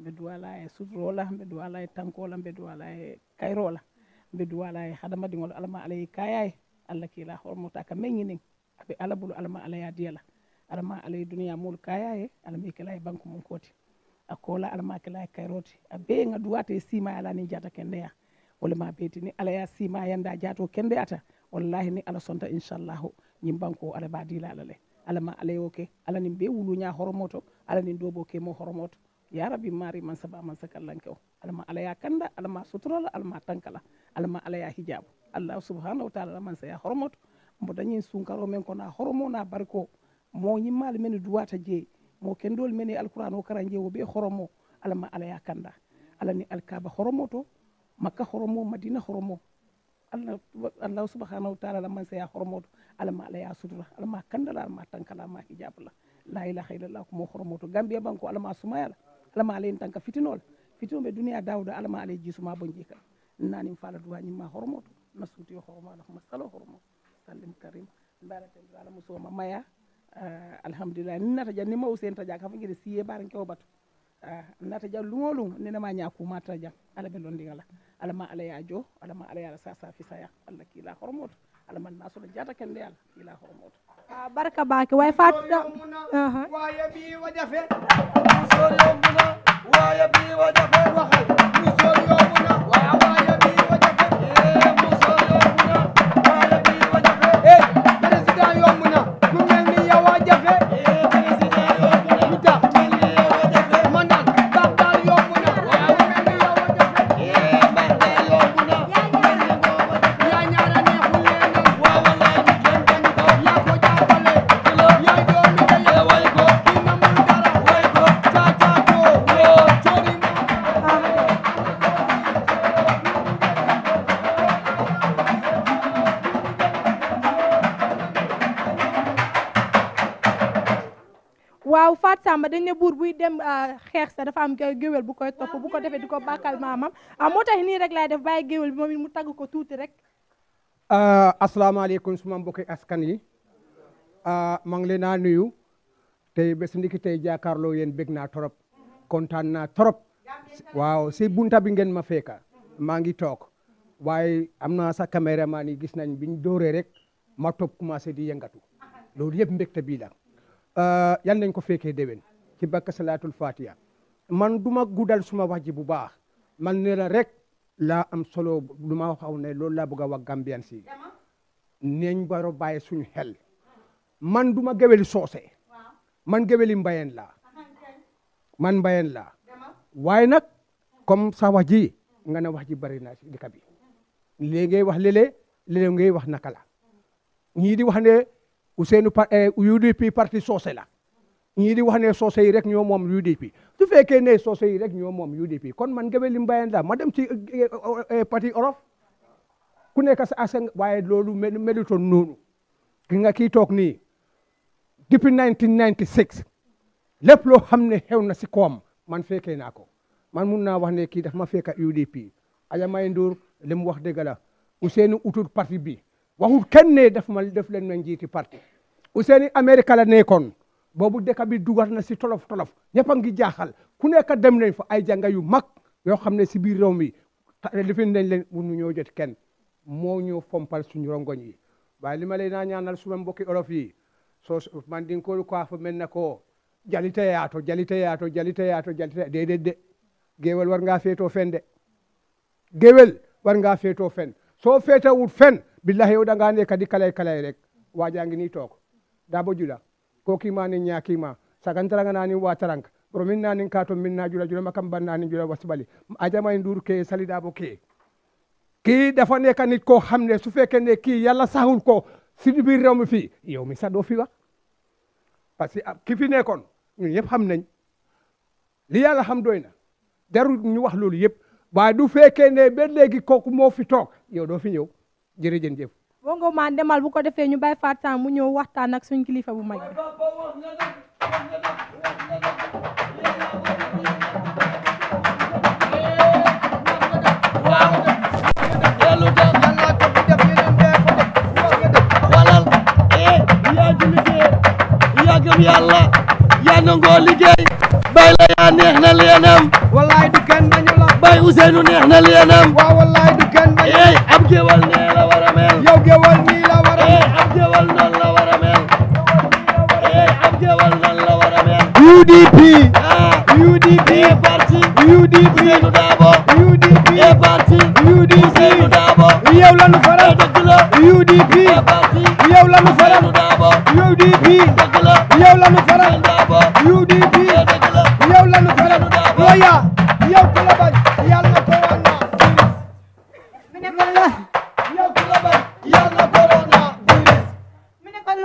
mbe duwala e sutrola mbe duwala e tankola mbe duwala e kayrola mbe duwala e hadamadiŋol alama ala kayaye alla e allah kiila hormota ka meñinin aɓe ala bulu alama ala ya diyala alama ala ye duniya molu kaya alama ye kela e banque mum koti a kola almakila e kayroti a be ga duwata e sima ala ni jata kendeya wolema beeti ni ala ya sima yanda jato kende ata wallahi ni ala sonta inchallahu ñim banko ala ba dila ala le ala ma ala yo ke ala nin be wuluña horomoto ala nin dobo ke mo horomoto ya rabbi mari mansaba mansaka man sakallanke o ala ma ala ya kanda ala ma suturala ala ma tankala ala ma ala ya hijabu allah subhanahu wa taala ala man saya horomoto mbo dañin sunkaro men kono a horomo na bariko mo ñimmali men duwata jeeyi moo ken dol mene alqur'an o karanje wo be horomo ala ma ala yakanda ala ni alkaba horomo to makka horomo madina horomo allah allah subhanahu wa taala la man saya horomo to ala ma la ilaha illallah mo horomo to gambia banko ala ma sumayala ala ma ala en tanka fitinol fitinoɓe duniya dawda ala ma ala e jisuma bo jika nanim fala duwa ñimma horomo to nasuti o horomo alahuma salo horomo sallim karim mbaraten uh, alhamdulillah ni nata jang ni ma usenta jang hafa siye bara ngewo batu uh, nata lungo lungo nena ma nyaku mata jang ala be londi ngala ala ma ala ya ala ma ala ya sa sa fisa ya alla ki ala man solo jata kende ala ki la hormoto uh, ah, baraka way fatu da uh ma dañ ne buur buy dem ah, xeex sa dafa am géwél bu koy topp bu ko defee di ko bàkkal maamam ah, moo tax nii rek laay def bàyyi géwél bi moom mu tagg ko tuuti rek ah, asalaamaaleykum suma mbokki askan yi maa ngi leen naa nuyu tey bés ndiki tey jàkkaarloo yéen bég naa trop kontaan naa torop waaw si bunta bi ngeen ma fekka maa ngi toog waaye am naa sa caméraman yi gis nañ biñ dooree rek ma topp commencé di yëngatu loolu yëpp mbégte bii la yan nañ ko fekkee déwén ci bakka salaatul fatiha man du ma guddal suma wax ji bu baax man ne la rek laa am solo lu waxaw ne loolu laa bëgg a wax Gambian si neñ baro bàyyi suñu xel man duma ma geweli soose man geweli mbayeen laa man mbayeen laa waaye nag comme sa wax ji nga ne wax ji bari na si dëkk bi mhm. léegi ngay wax léeg-léeg léeg ngay wax naka la mhm. ñii di wax ne Ousseynou eh, UDP parti soose la ñii di wax ne soose yi rek ñoo moom UDP su fekkee ne soose yi rek ñoo moom UDP kon man Ngabeli Mbayeen la ma dem ci eh, eh, parti Olof ku nekk sa askan waaye loolu melutoon noonu ki nga kii toog nii depuis 1996 lépp loo xam ne xew na si koom man fekkee naa ko man mun naa wax ne kii daf ma fekk UDP Adja May Ndour li mu wax dëgg la Ousseynou utul parti bi waxul kenn ne daf ma def leen ma njiiti parti Ousseynou Amérique la nekkoon boobu dëkk bi dugal na si tolof tolof ñëpp a ngi jaaxal ku nekk dem nañ fa ay jànga yu mag yoo xam ne si biir réew mi lifin nañ leen mënu ñoo jot kenn moo ñoo fompal suñu rongoñ yi waaye li ma lay naa ñaanal suma mbokki olof yi soo man di ko ko fa mel ne ko jalite yaato jalite yaato jalite yaato jalite déedéet war ngaa féetoo fen de géwél war ngaa féetoo fen soo féetewut fen billahi yow da ngaa di kalay kalay rek waajaa ngi nii toog daa ba ko kima ni ya kima sagantaranga nani wataranka pro min nanin ka to min na jula jula makam ban nanin jula wasbali Aja ma ndur ke bo ke ki dafane kanit ko hamne su ne ki yalla sahul ko rew mi fi yow mi saɗo fiwa Pasi ce ah, que ki fi nekkoon ñun yëpp xam nañ li yalla xam doyna na ñu wax lolu yëpp ba du feke ne be legi kooku mo fi tok yow do fi jeen jërëjëf wongo man demal bu ko defé ñu bay faat mu ñëw waxtaan ak suñu kilifa bu mag yalla ya yaa nangoo liggéey bay la ya neex na leenam wallahi du ken bañu la bay Ousseynou neex na leenam wa wallahi du ken bañu la ab géwal neex mel yow géwal nii la war a eh, mel ab géwal nan la war a mel eh, ab géwal nan la war a mel UDP ah. UDP eh, parti UDP Seydou Dabo UDP parti UDP Seydou Dabo yow lanu faral dëgg la UDP parti yow lanu faral Dabo UDP dëgg la yow lanu faral Dabo UDP dëgg la yow lanu faral Roya yow ku la bañ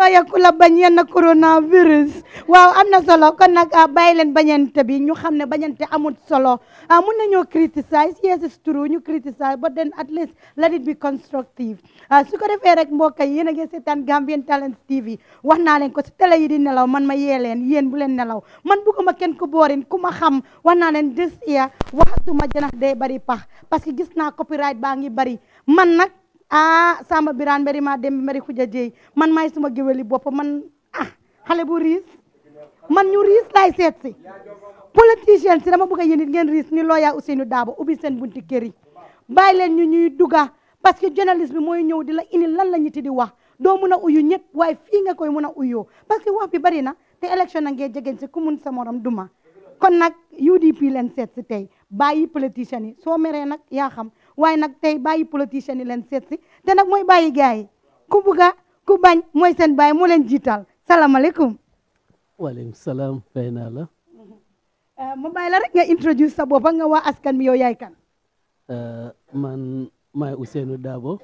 waye ko la bañ yenn coronavirus waaw amna solo kon nak baye len bañante bi ñu xamne bañante amul solo mun nañu criticize yes it's true ñu criticize but then at least let it be constructive su ko defé rek mbokk yi yéen a Gambian talent TV wax naa leen ko ci télé yi di nelaw man ma yee yeen bu len nelaw man bëgguma kenn ku boorin ku ma xam wax naa leen dis ya ma janax day bari pax parce que gis na copyright ba ngi bari man nak ah Samba Birane mbéri ma dem mbéri xuja jeey man maay suma géwéli bopp man ah xale bu riis man ñu riis laay seet si politicien si dama bëgg a yéen it ngeen riis ni looyaa Ousseynou Dabo ubbi bunti kër yi bàyyi leen ñu ñuy dugga parce que journaliste bi mooy ñëw di la indi lan la ñu ti di wax doo mun a uyu ñëpp waay fii nga koy mun a uyoo parce que wax bi bari na te élection na ngee jegeñ si ku mun sa morom duma kon nag UDP leen seet si tey bàyyi politicien yi soo meree nag yaa xam way nak tay bàyyi politiciens yi leen seet te nak moy bàyyi gay ku buga a ku bañ sen seen mo len jital salam alaykum wa alaykum salam fayna la. Eh, ma bàyyi la rek nga introduce sa bop nga wa askan mi yow yaay kan. kan? Eh, man may Ousseynou Dabo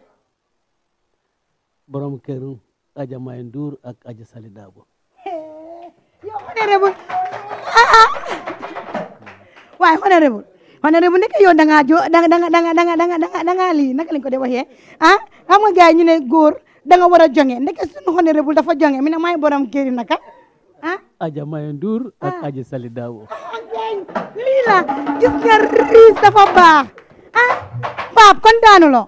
borom kër aja May Ndour ak aja Sali Dabo. yow honorable waay honorable honoré bu nekk yow da joo da nga da nga da nga da lii naka lañ ko de waxee ah xam nga gars yi ñu ne góor da war a jonge ndeke suñu honoré bu dafa jonge mi na maay borom géeri naka ah. Adja Maye Ndour ak Adji Sali Daawo. lii la nga riis dafa baax ah Pape kontaanu lo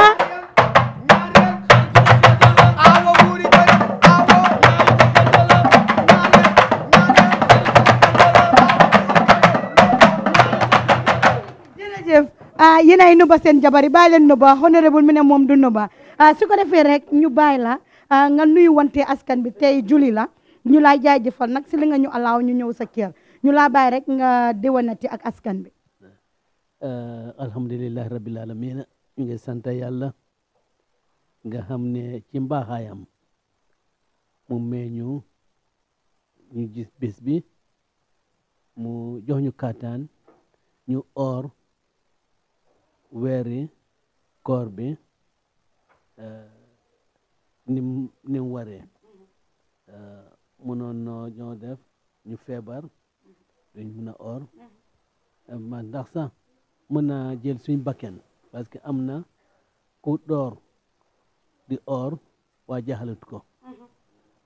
ah. Ah, yi nay ay nuba seen jabar yi bàyyi leen nuba honorable mi ne moom du nuba ah, su ko defee rek ñu bàyyi la ah, nga nuyu wante askan bi tey juli la ñu laa jaajëfal nag si li nga ñu alaaw ñu ñëw sa kër ñu laa bàyyi rek nga déwanati ak askan bi alhamdulilahi rabbil alamin ñu ngi sant yàlla nga xam ne ci mbaaxaayam mu mee ñu ñu gis bés bi mu jox ñu kàttan ñu or weeri koor bi eh, nim ni mu waree eh, mënoon noo ñoo def ñu feebar duñ mën a or eh, ndax sax mën naa jël suñ bakken parce que am na ku door di or waa jaxalut ko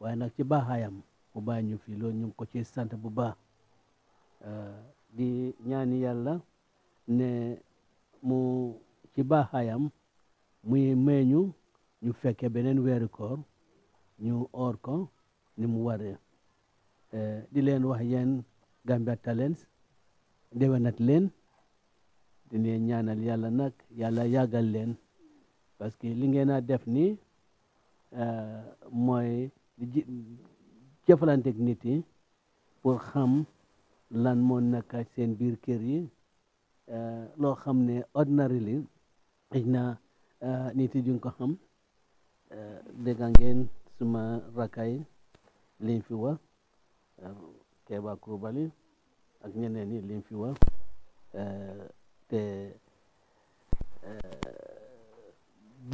waaye nag ci baaxaayam mu bàyyi ñu fi loolu ñu ngi ko ci sant bu baax di ñaani yàlla ne mu ci baaxaayam muy may ñu ñu fekke beneen weeru ñu oor ko ni mu waree eh, di leen wax yéen Gambian Talents déwénat leen di leen ñaanal yàlla nag yàlla yàggal leen parce que li ngeen a def nii eh, mooy di jëflanteeg nit yi pour xam lan moo nekk seen biir kër yi Eh, loo xam ne ordinarily xëy na eh, nit yi duñ ko xam eh, dégg ngeen suma rakay liñ fi wax Keba Kubali ak ñeneen ñi liñ fi wa te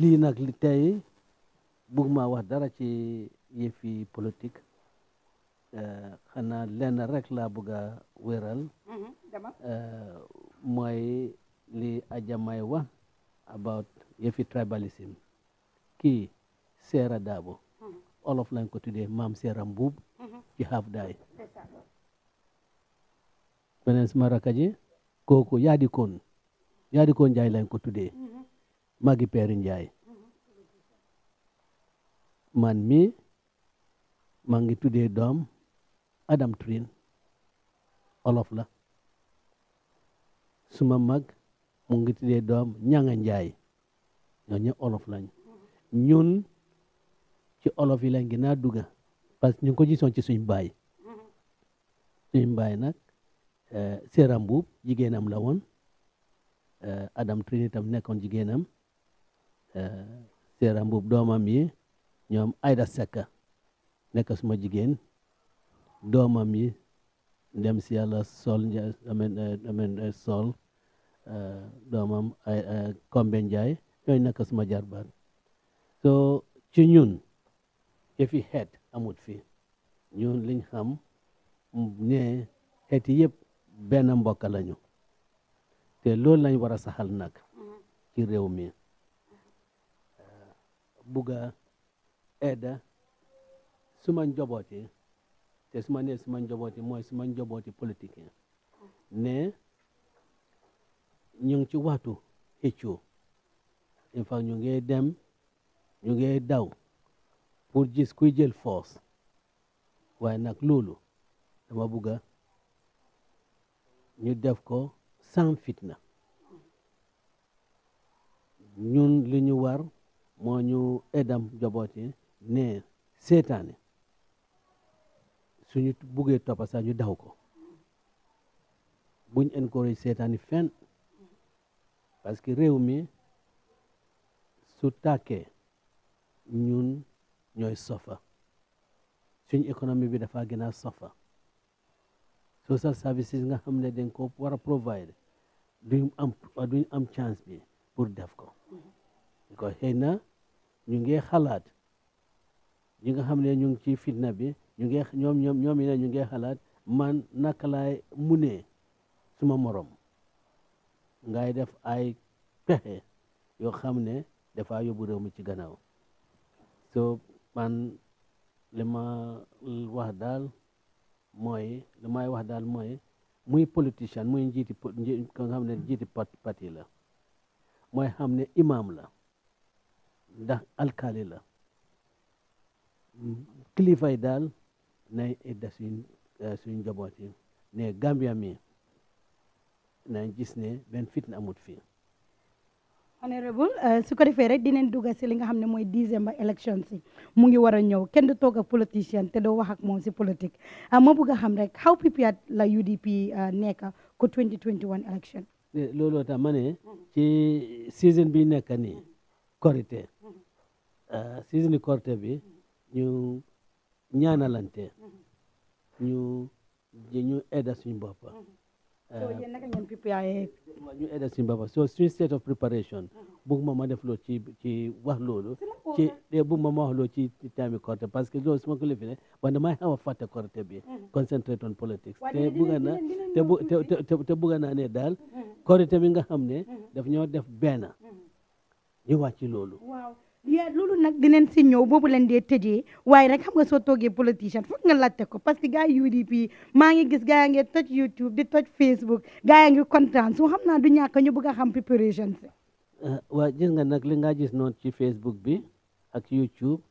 lii nag li tey bëgg ma wax dara ci yi yëfi politique xanaa lenn rek laa bëgg a wéral mhm, moy li may wax about yefi tribalism sera dabo mm-hmm. all of lañ ko tuddee mam sera Mbuub ci day benen beneen sama koku ji kon yadi kon jay lañ ko tuddee magi perin njay mm-hmm. man mi mangi ngi dom Adam Trin olof la suma mag mu ngi tuddee doom ñanga njaay ñoo ñëpp olof lañ ñun ci olof yi lañ gën a dugga parce que ñu ngi ko gisoon ci suñ baay suñ baay nag euh, Seera Mbuub jigéenam la woon euh, Adam Trini nekkoon jigéenam euh, Seera Mbuub doomam yi ñoom Ayda Sekka nekk suma jigéen doomam yi ndem si yàlla sol amen amen sol Euh, doomam ay Kombe Ndiaye ñooy nekk suma jarbaat so ci ñun yëfi xeet amut fi ñun liñ xam ne xeet yëpp benn mbokk lañu te loolu lañ war a saxal nag ci réew mi euh, bugga edda suma njobooti te suma nee suma njobooti mooy suma njobooti politique ne ñu ngi ci waxtu xëccoo in ñu ngee dem ñu ngee daw pour gis kuy jël force waaye nag loolu dama bugga ñu def ko sans fitna ñun li ñu war moo ñu edam jobooti ne seetaane suñu buggee toppa sax ñu daw ko buñ encourage seetaani fenn parce que réew mi su tàkkee ñun ñooy sofa suñ économie bi dafa gën a sofa social services nga xam ne dañ ko war a provide duñ am duñ am chance bi pour def ko ko xëy na ñu ngi xalaat ñi nga xam ne ñu ngi ci fitna bi ñu ngi ñoom ñoom ñoom ñu ngi xalaat man naka laay munee suma moroom ngay def ay pexe yoo xam ne dafa yóbbu réew mi ci gannaaw so man li ma wax daal mooy li wax daal mooy muy politicien muy njiiti nga xam ne njiiti parti la mooy xam ne imam la ndax alkali la kilifay daal nay idda eh, suñ eh, suñ njaboot yi ne Gambia mi na gis ne benn fitna amut fii. honorable euh, su ko defee rek dinañ dugg si li nga xam ne mooy December elections si mu ngi war a ñëw kenn du toog ak politicien te doo wax ak moom si politique euh, ma bëgg a xam rek xaw pipiat la UDP euh, nekk ko 2021 election. Eh, looloo tax ma ne ci season bi nekk nii korite season korite bi ñu ñaanalante ñu ñu edda suñu bopp. so eh, yéen naka ngeen préparé so suñu state of preparation ah. bëgguma ma ma def loo ci ci wax loolu ci bëgguma ma wax loo ci time korte parce que loolu su ma ko lifine wante may xaw a fàtte korte bi ah. concentrate on politics te bëgga na te bëgga naa ne daal korte ah. bi nga xam ne daf ñoo def benn ñu ci loolu yaa loolu nag dinañ si ñëw boobu leen dee tëjee waaye rek xam nga soo toogee politicien foog nga laajte ko parce que gars yi UDP maa ngi gis gaa yaa ngi toj YouTube di toj Facebook gars yaa ngi kontaan soo xam naa du ñàkk ñu bëgg a xam préparation si. Eh, waa gis nga nag li nga gis noon ci Facebook bi ak YouTube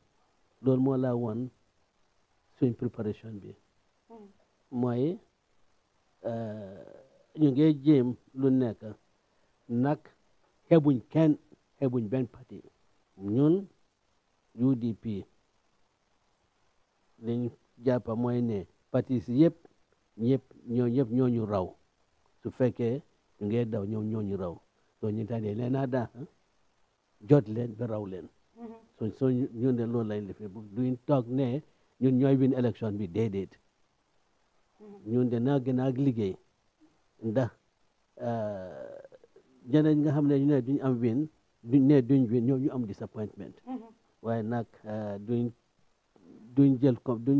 loolu moo laa woon suñ préparation bi mooy eh, ñu ngi jéem lu nekk nag xebuñ kenn xebuñ benn parti. ñun UDP liñ jàpp mooy ne patis yëpp ñëpp ñoo ñëpp ñoo ñu raw su fekkee ñu ngi daw ñoom ñoo ñu raw soo ñu tànnee dañ leen a daax ah, jot leen ba raw leen. Mm-hmm. so so ñun de loolu lañ defee duñ toog ne ñun ñooy win élection bi déedéet mm-hmm. ñun de naa gën a liggéey ndax ah, ñeneen nga xam ne ñu ne duñ am win. duñ ne duñ win ñoo ñu am disappointment mm-hmm. waaye nag euh, duñ duñ jël duñ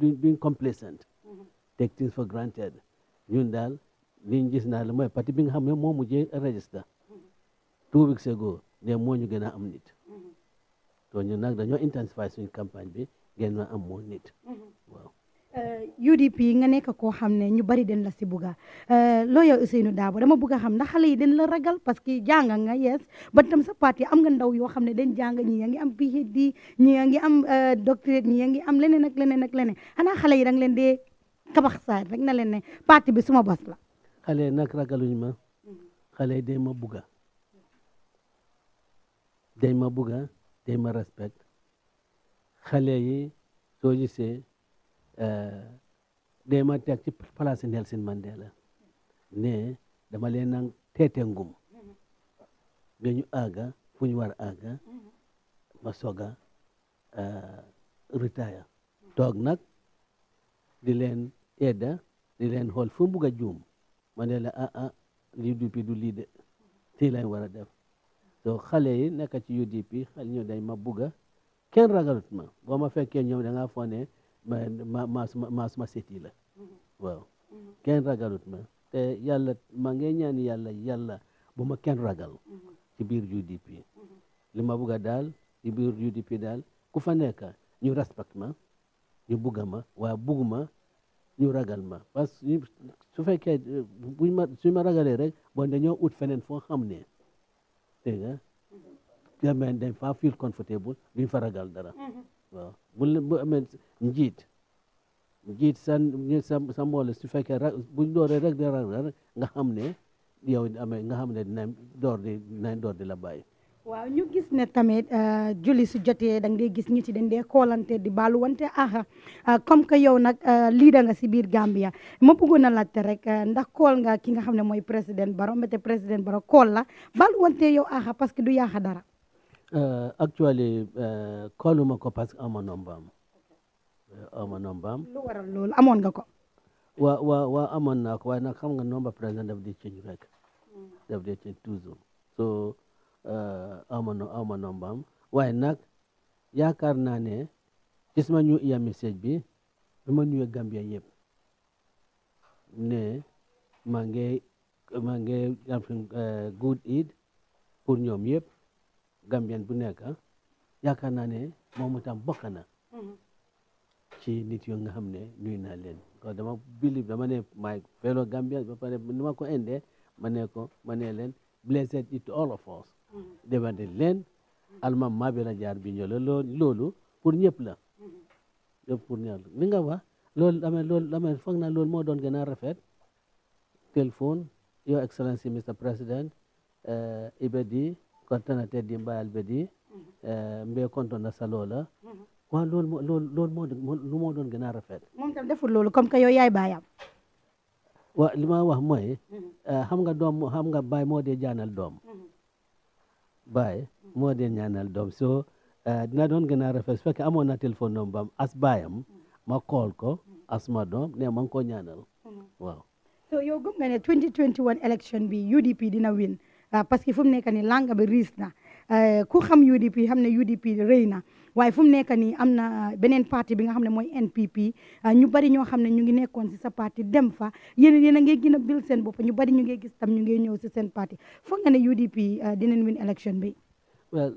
duñ duñ complacent mm-hmm. take things for granted ñun daal liñ gis naa la mooy parti bi nga xam ne moo mujjee register mm-hmm. two weeks ago ne moo ñu gën a am nit to ñun nag dañoo intensify suñ campagne bi gën a am moo nit Eh, UDP nga nekk koo xam ne ñu bari den la si bugga loo yow daa Darboe dama bugg a xam ndax xale yi den la ragal parce que jànga nga yes ba tam sa parti am nga ndaw yoo xam ne den jànga ñi yaa ngi am PhD ñi yaa ngi am eh, doctorate ñi yaa ngi am leneen ak leneen ak lene xanaa xale yi dang leen dee kabax saay rek na leen ne parti bi suma bas la xale nag ragaluñ ma xale yi dañ ma bugga dañ ma bugga dañ ma respect xale yi soo gisee dee eh, ma teg ci place Nelson Mandela ne dama leen nang teete ngum ba ñu àgga fu ñu war àgga ma soga eh, retire toog nag di leen edda di leen xool fu mu bugg a juum ma ne la ah ah UDP du lii de tii lañ war a def soo xale yi nekk ci UDP xale ñoo dañ ma bugga kenn ragalut ma boo ma fekkee ñoom da ngaa ma ma ma suma seeti la mm-hmm. waaw mm-hmm. kenn ragalut ma te yàlla maa ngi ñaan yàlla yàlla bu ma kenn ragal mm-hmm. ci biir UDP li ma bugg a daal ci biir UDP daal ku fa nekk ñu respect ma ñu bugg ma waaye bugg ma ñu ragal ma parce que su fekkee buñ ma suñ ma ragalee rek bon dañoo ut feneen foo xam ne dégg nga dañ fa feel comfortable duñ fa ragal dara waaw bu bu amee njiit njiit san sa mbooloo su fekkee rek buñ dooree rek de rek nga xam ne yow amee nga xam ne dinañ door di dinañ door di la bàyyi. waaw ñu gis ne tamit euh, julli su jotee da ngay gis ñi ci dañ dee koolante di baaluwante aha euh, comme que yow nag euh, leader nga si biir Gambia ma bëggoon a laajte rek ndax kool nga ki nga xam ne mooy président Barrow mbete président Barrow kool la baaluwante yow aha parce du yaaxa dara. Uh, actually kóoluma eh, ko parce que aw ma nombaam eh, aw ma nombaam. lu waral loolu amoon nga ko. wa wa wa amoon naa ko waaye nag xam nga nomba président daf di change rek. Hmm. daf di change toujours so aw ma aw ma nombaam waaye nag yaakaar naa ne gis ma ñu iya message bi bi ma ñëwee Gambia yëpp ne maa ngi maa ngi good Eid pour ñoom yëpp. Gambien bu nekk ah, yaakaar naa ne moom itam bokk mhm. ci nit yo nga xam ne nuyu na leen kon dama believe dama ne my fellow Gambians ba pare ni ko indee ma ne ko ma ne leen blessed it all of us mhm. demande leen mhm. almam maa bi jaar bi ñëw loolu pour ñëpp la yëpp pour li nga loolu dama loolu loolu moo doon gën a rafet téléphone your excellency Mr President eh, Ibedi kontanate dimbayal ɓe ɗi mbe mhm. eh, konton na salola mhm. waaw loolu moo loolu loolu moo doon lu moo doon gën a rafet moom tam deful loolu comme que yow yaay baayam wa li ma wax mooy mhm. eh, xam nga doom xam nga baay moo dee jaanal doom baay moo dee ñaanal doom so eh, dina doon gën a rafet su fekkee amoon na téléphone doom bam as baayam ma kool ko as ma doom ne ma ngi ñaanal waaw so yow gëm nga ne 2021 élection bi UDP dina win Euh, parce que fu mu nekk nii langa bi riis na euh, ku xam UDP xam ne UDP rëy na waaye fu mu nekk nii am na euh, beneen parti bi nga xam ne mooy NPP ñu bari ñoo xam ne ñu ngi nekkoon si sa parti dem fa yéen yéen a ngi a bil seen bopp ñu bari ñu ngi gis tam ñu ngi ñëw si seen parti foog nga ne UDP dinañ win election bi. well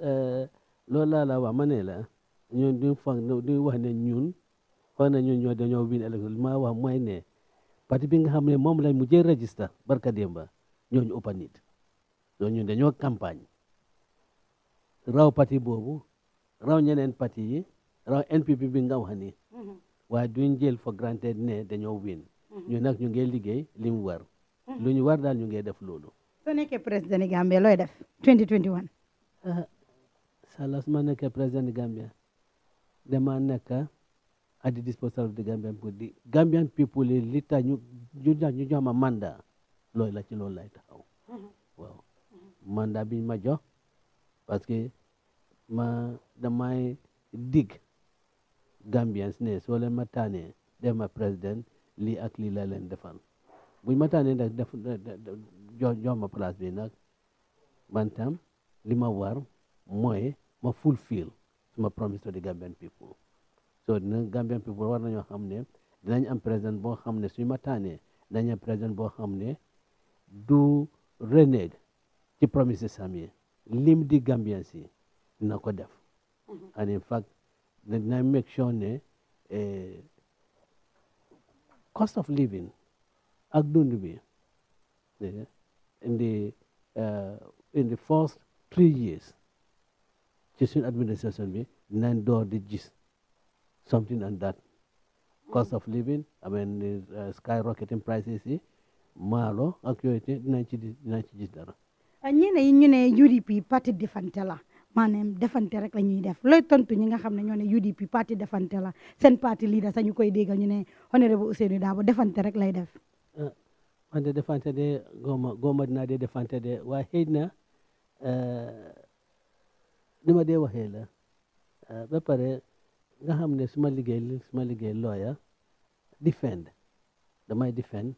loolu laa la wax ma ne la ñun duñ foog duñ wax ne ñun foog na ñun ñoo dañoo win election ma wax mooy ne parti bi nga xam ne moom lañ mu jël register barka démba ñoo ñu ëpp nit. donc ñun dañoo campagne raw parti boobu raw ñeneen parti yi raw NPP bi ngaw wax mhm. waaye duñ jël for granted ne dañoo win mhm. ñu nag ñu ngi liggéey li mu war mhm. lu ñu war daal ñu ngee def loolu soo nekkee président de looy def 2021 sala su ma nekkee président de Gambia dama nekk at the disposal of the Gambian people di Gambian people li tax ñu ñu jox ma mandat loolu la ci loolu lay taxaw manda bi ma jox parce que ma damay dig Gambians ne soo leen ma tànnee def ma président lii ak lii leen defan buñ ma tànnee nag def jox ma place bi nag man li ma war mooy ma fulfill suma promise to the Gambian people so dina Gambian people war nañoo xam ne dinañ am président boo xam ne suñ ma tànnee dinañ am président boo xam ne du renegade ci promise am yi lim di Gambians yi dina ko def mm-hmm. and in fact dina make sure ne eh, cost of living ak dund bi in the eh, in the first three years ci suñu administration bi dinañ door di gis something and that cost mm. of living I mean eh, skyrocketing prices yi maalo ak yooyu dinañ ci dinañ ci gis dara la ah, ñeneen ñu ne UDP parti defante la maanaam defante rek la ñuy def looy tontu ñi nga xam ne ñoo ne UDP parti defante la seen parti leader sax ñu koy déggal ñu ne honorable Ousainou Darboe defante rek lay def. Ah, man de defante de góoma góoma dinaa de defante de waaye na ah, ni ma dee waxee la ba pare nga xam ne suma liggéey suma liggéey lawyer defend damay defend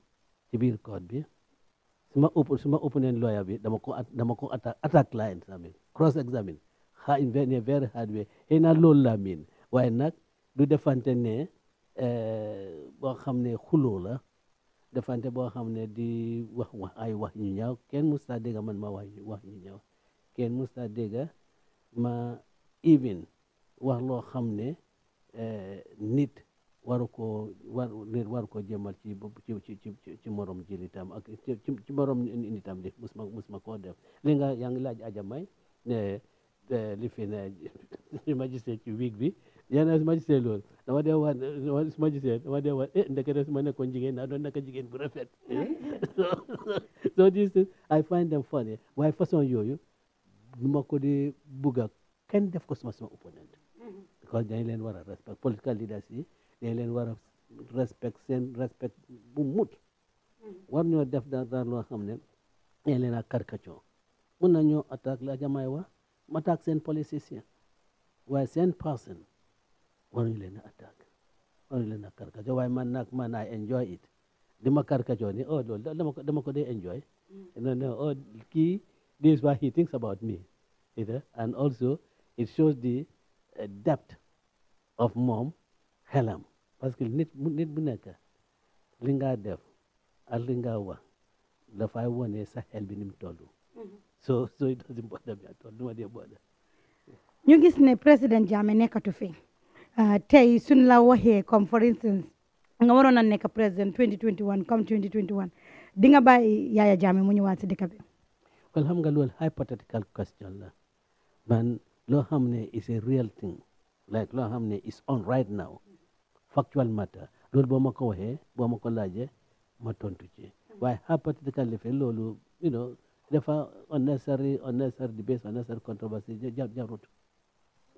ci biir code bi. suma op suma opponent lawyer bi dama ko dama ko attack attack laa examine cross examine ha in very hard way xëy na loolu laa miin waaye nag du defante ne eh, boo xam ne xuloo la defante boo xam ne di wax wax ay wax ñu ñaw kenn musta dégga man ma wax wax ñu ñaaw kenn musta dégga ma even wax loo xam ne eh, nit waru koo war réer koo jëmal ci ci ci ci morom jilitam ak ci morom nitam tam mus ma mus koo def li nga yaa ngi laaj aja ne eh, li fi ne ma gisee ci wiig bi yéen su ma gisee loolu dama dee wax su ma gisee dama dee wax eh ndekete su ma nekkoon jigéen naa doon nekk jigéen bu rafet so this is I find them funny waaye façon yooyu nu ko di bugg a kenn def ko suma suma opponent mm-hmm. because dañ leen war a respect political leaders leen war a respect seen respect bu mut war ñoo def dara loo xam ne dañ leen a karkacoo mun na ñoo attaque la jamaay wax ma attaque seen politicien waaye seen person waruñu leen a attaque waruñu leen a karkacoo waaye man nak man I enjoy it dama karkacoo ni oh loolu dama ko dama ko dee enjoy mm. no no oh ki this is what he thinks about me either and also it shows the eh, depth of mom xelam parce que nit nit bu nekk li nga def ak li nga wax dafay wone sa xel bi ni toll mhm. so so it doesn't bother me at all du ma dee bother ñu gis ne président Jammeh nekkatu fi ah, tey suñ la waxee comme for instance nga waroon a nekk président 2021 comme 2021 di nga bàyyi Yaya Jammeh mu ñëwaat si dëkk bi well xam nga loolu hypothetical question la man loo xam ne is a real thing like loo xam ne is on right now factual matter loolu boo ma ko waxee boo ma ko laajee ma tontu ci waaye apatiteka lefe loolu you know dafa unnecessary unnecessary debate unnecessary controversy jarut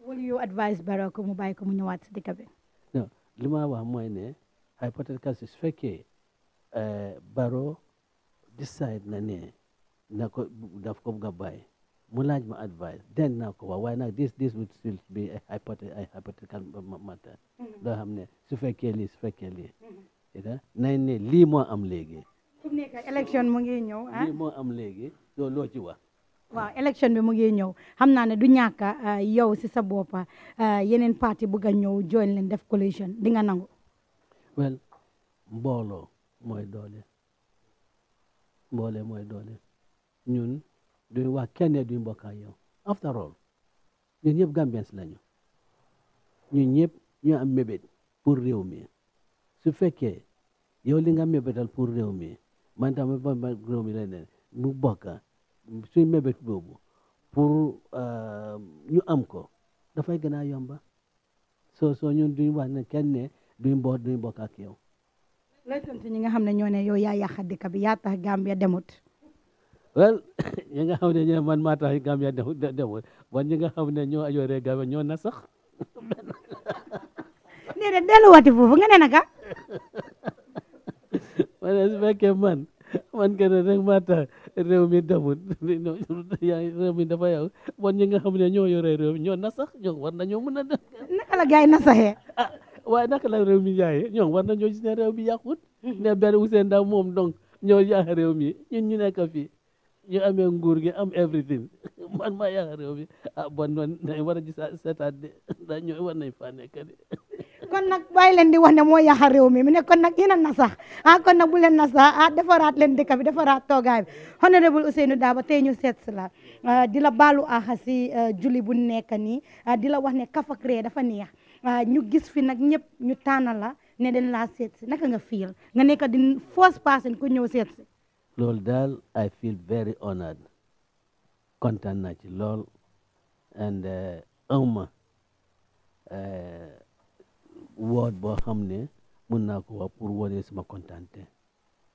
will you advise Barrow ko mu bàyyi ko mu ñëwaat si dëkk bi non li ma wax mooy eh, decide na ne na ko daf ko mu laaj ma advice den naa ko wax waaye this this would still be a hypothetical matter mm-hmm. loo xam ne su fekkee lii su fekkee lii mm-hmm. élection mu ngi ñëw ah lii moo am élection bi mu ngi ñëw xam naa ne ah, si sa boppa ah, party parti bëgg join leen def coalition di nango. well mbooloo mooy doole mboole mooy doole ñun duñ wax kenn du bokk ak yow after all ñun ñëpp Gambians lañu ñu ñëpp ñu am mébét pour réew mi su fekkee yow li nga mébétal pour réew mi man tam ba réew mi leneen mu bokk suñ mébét boobu pour euh, ñu am ko dafay gën a yomba soo soo ñun duñ wax ne kenn du duñ boot duñ bokk ak yow. looy tontu ñi nga xam ne ñoo ne yow yaa yàq dëkk bi yaa tax Gambia demut. well ñi nga xam ne ñoo man maa tax Gambia nga xam ne ñoo yore Gambia ñoo na sax nee na delluwaati foofu nga ne naka man su man man kenn rek maa tax réew mi demul réew mi dafa yow ñi nga xam ne ñoo yore réew mi ñoo na sax ñoom na nañoo mën a def naka la gars yi na ah, waaye naka la réew mi yaayee ñoom war nañoo gis ne réew mi yàqut mm-hmm. ne benn Ousainou Darboe moom donc ñoo yaa réew mi ñun ñu nekk fii ñu amee nguur gi am everything man maa yaakaar réew mi ah bon noonu nañ war a gis ah, seetaat nañ faa nekk de kon nag bàyyi leen di wax ne moo yàq réew mi mu ne kon nag yéen a na sax ah kon nag bu leen na a ah defaraat leen dëkk bi defaraat toogaay bi honorable daa ba tey ñu seet si la ah, di la baalu axa si ah, julli bu nekk nii di la wax ne kaf ree dafa neex ñu gis fi nag ñëpp ñu tànn la ne dañ laa seet si naka nga fiil nga nekk di first person ku ñëw seet si loolu daal I feel very honored kontaan naa ci lool and uh, awma uh, woot boo xam ne mun naa ko wax pour wone sama kontaante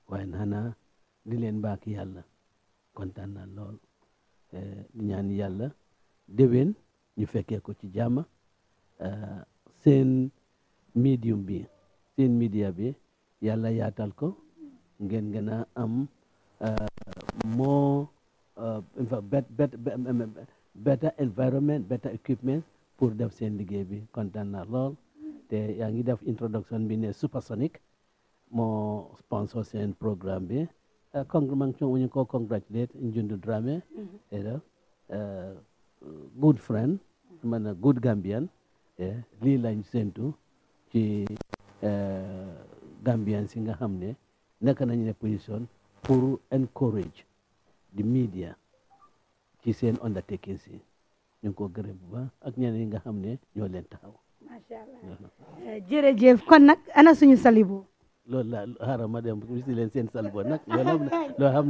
waaye xanaa di leen baak yàlla kontaan naa lool uh, di ñaan yàlla déwén ñu fekkee ko ci jàmm seen médium bi seen média bi yàlla yaatal ko ngeen gën a am Uh, more, uh, in fact, bet, bet, better environment, better equipment for the seen liggéey bi the naa lool te introduction bi ne Supersonic More sponsor seen programme bi uh, congr ma ngi coono ñu ko congratulate Njundu Dramé mm-hmm. good friend man a good Gambian eh, lii lañ séntu ci Gambian si hamne. xam ne nekk position to encourage the media ci seen undertaking si ñu ngi ko gërëm bu baax ak ñeneen yi nga xam ne ñoo leen taxaw. Eh, jërëjëf kon nag ana suñu salibo. loolu la xaaral ma dem wisi leen seen salbo nag loolu xam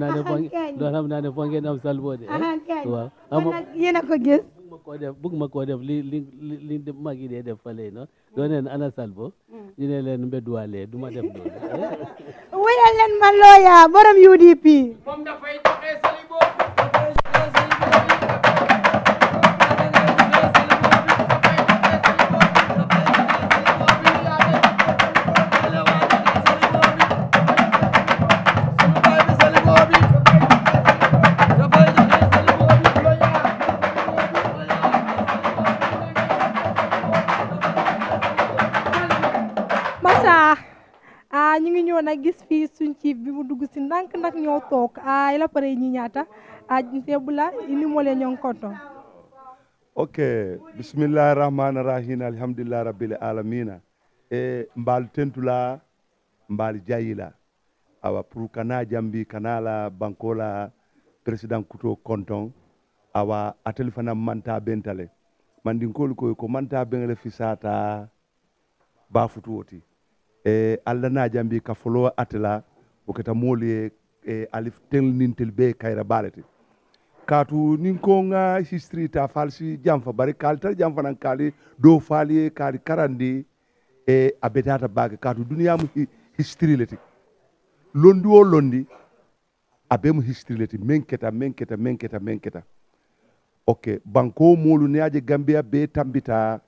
naa ne foo ngeen am salbo de. Eh? waaw yéen a ko gis. ma koo def bëgg ma ko def li li li li mag yi dee def fële no doo neen ana salbo mm. ñu ne leen mbedduwalee du ma def loolu wuyal leen ma looya borom UDP xiif bi mu dugg si ndànk ndànk ñoo toog a ah, la pare ñi ñaata a ah, sebula ini mole ñon konto ok bismillahi rahmani rahim alhamdulillahi rabbil alamina e mbal tentula mbaal jayila awa pour kana jambi kana la bankola président kuto konton awa atel fana manta bentale mandinkolu koy ko manta bengale fisata bafutu woti e allah na jambi ka folo atela woketa moolu ye e alif tel nin tel be kayra balete katu nin ko nga history ta falsi jamfa bari kali tar jamfa nan kali do fali kaali karandi e abetata bage katu duniya mu history leti londi o londi abe mu history leti menketa menketa menketa menketa ok banko molu ne aje gambia be tambita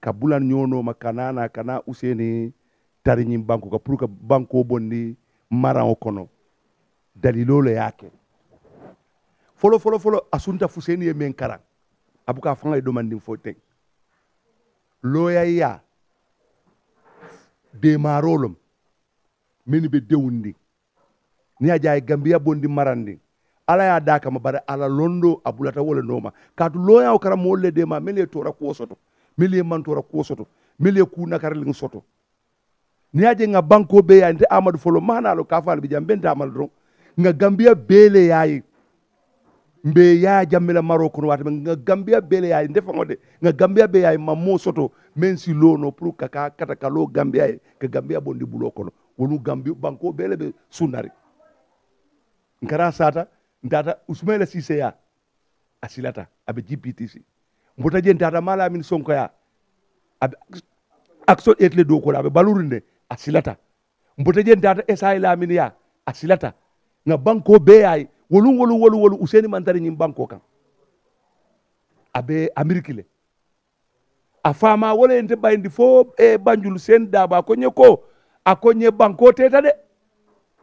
kabulan nyono makanana kana useni tarinyim banko ka pour ka banko bondi mara okono kɔnɔ dalilo le folo folo fɔlɔ fɔlɔ asunta fuseni ye min karan a bɛ k'a fanga ye domandin ya de marolum min be dewundi ni aja ay gambia bondi marandi ala ya daka ma bare ala londo abulata wala noma kadu looya o kara molle ma mele tora ko soto mele man tora ko soto mele ku nakar ling soto ni yaje nga banko be ya nde amadu folo manalo ka faalo bi jambe nda amal dron nga gambia bele yayi mbe ya jammila maro kono wata nga gambia bele yayi nde fangode nga gambia be yayi mammo soto men si lono pour kaka kata kalo gambia ye ka gambia bondi bulo kono wonu gambia banko bele be sunari nkara sata ndata usmaila sise ya asilata abe gptc mbota je ndata mala min sonko ya abe akso etle do abe balurinde asilata silata mbotejen data esay lamini ya a silata banko be ay wolu wolu wolu wolu useni mantari nyim banko kan abe ameriki afama a fama wala ente bayindi fo e banjul sen daba ko nyeko ko nye banko teta de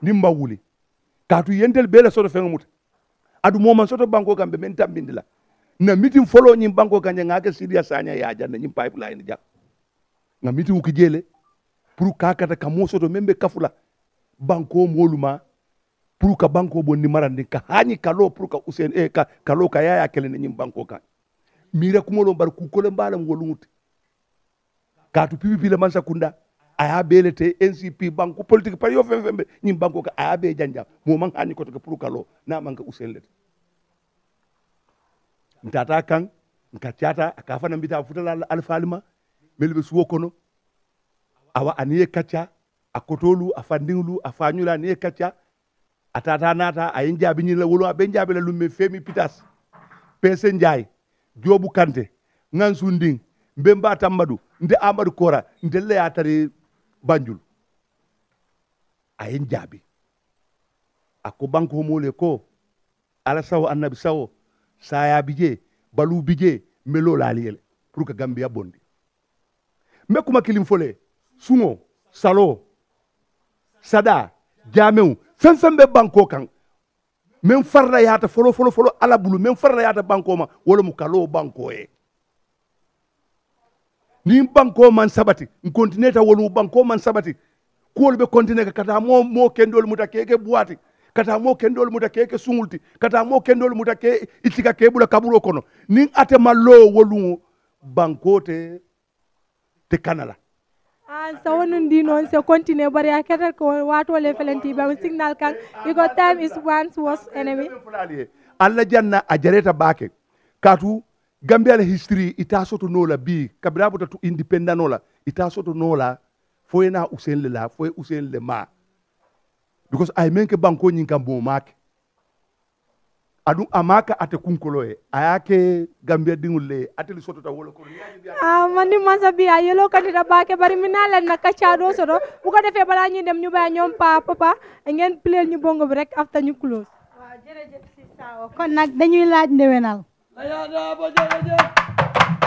nimba wuli katu yentel bela soto fenga muta adu moma soto banko kambe men tambindi la na miti folo nyim banko kanye ngake siria sanya ya janna nyim pipeline ja na miti ukijele pour k'a kata ka mo soto men be kafula banko moolu ma pour ka banko bonni marandi ka hañi kalo pour ka usen e ka kalo ka yaya kelene ñim banko kan mira kumolo bar ku kole mbalam wolumuti katu pipi pile man sakunda aya bele te ncp banko politique par yo fembe ñim banko ka aya be janja mo man hañi koto ka pour na man usen let ntata kan nka tiata aka fana mbita futala alfalima melbe suwo kono awa aniye kacca a kotolu a fandiŋolu a fañulu aniye kacca a tata nata a jaabi ñin la wolo a ben jaabi la lumme femi pitas pese njay jobu kante ngansu sundiŋ mbe mba tammadu amadu kora nde le atari tari banjul a yin jaabi a ko banko mole ko ala sawo annabi sawo saya bije balu bije melo laali yele pour que gambia bondi mekuma kilim fole sumo, salo sada jaamew fɛn fɛn bɛ banko kan min farila yaata fɔlɔ fɔlɔ fɔlɔ ala bulu min farila yaata banko ma wolomu kaloo banko ye ni banko man sabati n kontine ta wolu banko man sabati kuwolu be kontine ka kata moo moo kendolu muta keke buwati kata moo kendolu muta keke suŋulti kata moo kendolu muta ke itika ke bula kaburo kono ni ate ma loo woluŋo banko te te kana an sawanun di non se continue bari a ketal ko wato le felenti ba signal kan iko time is one's worst enemy alla janna a jareta bake katu gambia la history ita soto nola bi kabila bota tu independent nola ita soto nola foye usen le la foye usen le ma because ay men ke banko nyin kan bo make adu amaka ate kunkoloye ayake gambia dingule ate li ta wolo ko yaani ah mani manza bi ayelo kanida bake bari minala na kacha do soro bu ko defe bala ñi dem ñu bay ñom pa papa ngeen pleel ñu bongo bi rek after ñu close wa ah, jere jere ci sawo kon nak dañuy laaj ndewenal la ya da jere jere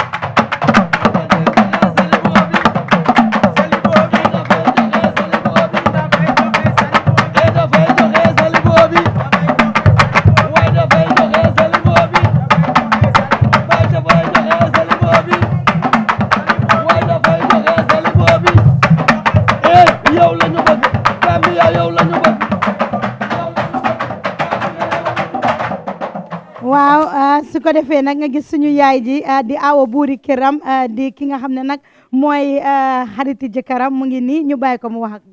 waaw ah, su ko defee nag nga gis suñu yaay ji ah, di awo buuri këram ah, di ki nga xam ne nag mooy xariti jëkkëram mu ngi nii ñu bàyyi ko mu wax ak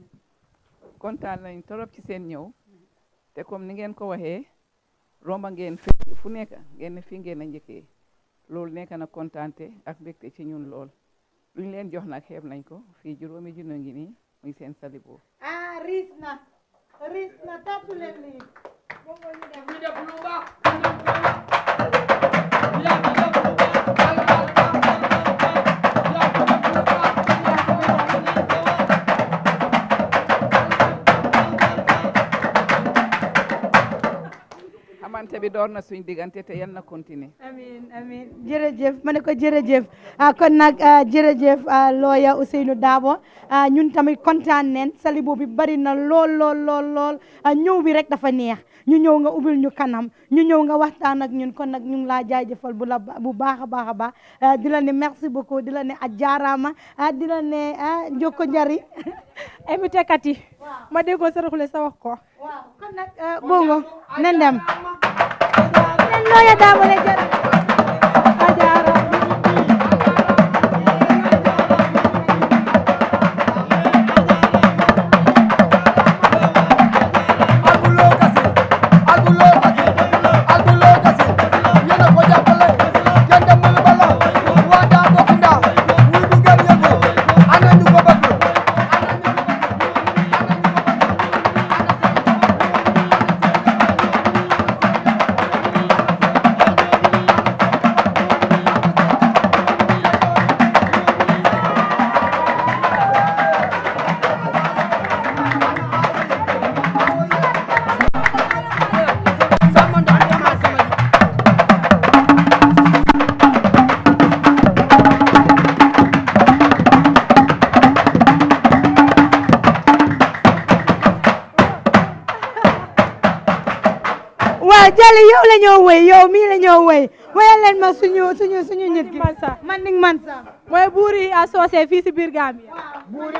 kontaan nañ torop ci seen ñëw te comme ni ngeen ko waxee romba ngeen fi fu nekk ngeen fi ngeen a njëkkee loolu nekk na kontaante ak mbégte ci ñun lool lu leen jox nag xeeb nañ ko fii juróomi junni ngi ni muy seen salibo ah riis na riis na Bon, bon, il y a des boulons bas, il y a des boulons bas, il y a des boulons bas. bi door na suñ diggante te yal na continuer amiin amiin jërëjëf ma ne ko jërëjëf ah, kon nag ah, jërëjëf ah, looya daabo Dabo ñun tamit kontaan nen salibo bi bari na lool lool lool lool ñëw bi rek dafa neex ñu ñëw nga ubbil ñu kanam ñu ñëw nga waxtaan ak ñun kon nag ñu ngi laa jaajëfal bu la bu baax a baax a baax di merci beaucoup di la ne a jaaraama di la ne jokko njari invité kat yi ma déggoo saraxule sa wax ko kon nag euh, bongo nen dem nen wëy yo mii la ñoo wëy wëyal leen ma suñu suñu suñu nit gi man ni man sa mooy buuri a soose fii si biir Gambia buuri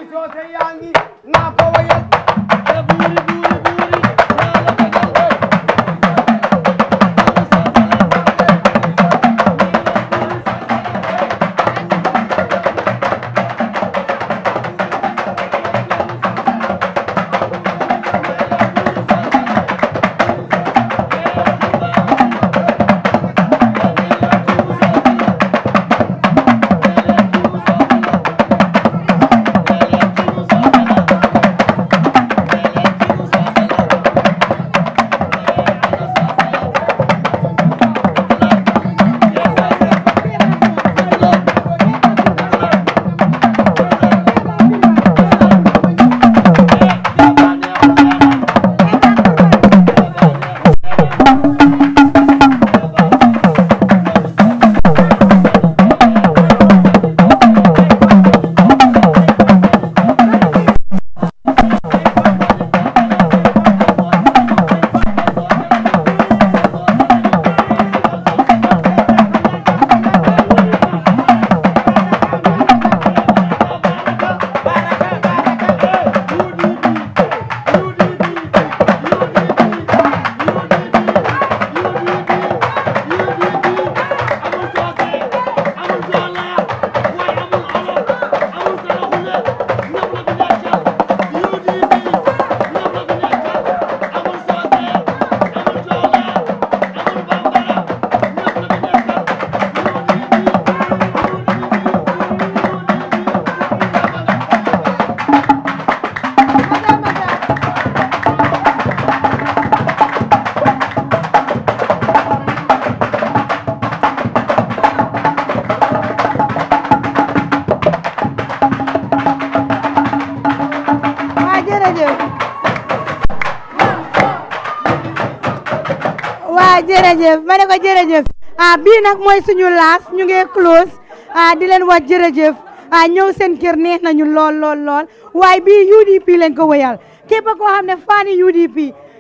jërëjëf ma ne ko jërëjëf ah bii nag mooy suñu laas ñu ngi close a ah, di leen wat jërëjëf a ah, ñëw seen kër neex nañu lool lool lool waaye bii UDP lañ ko wéyal képp koo xam ne faani UDP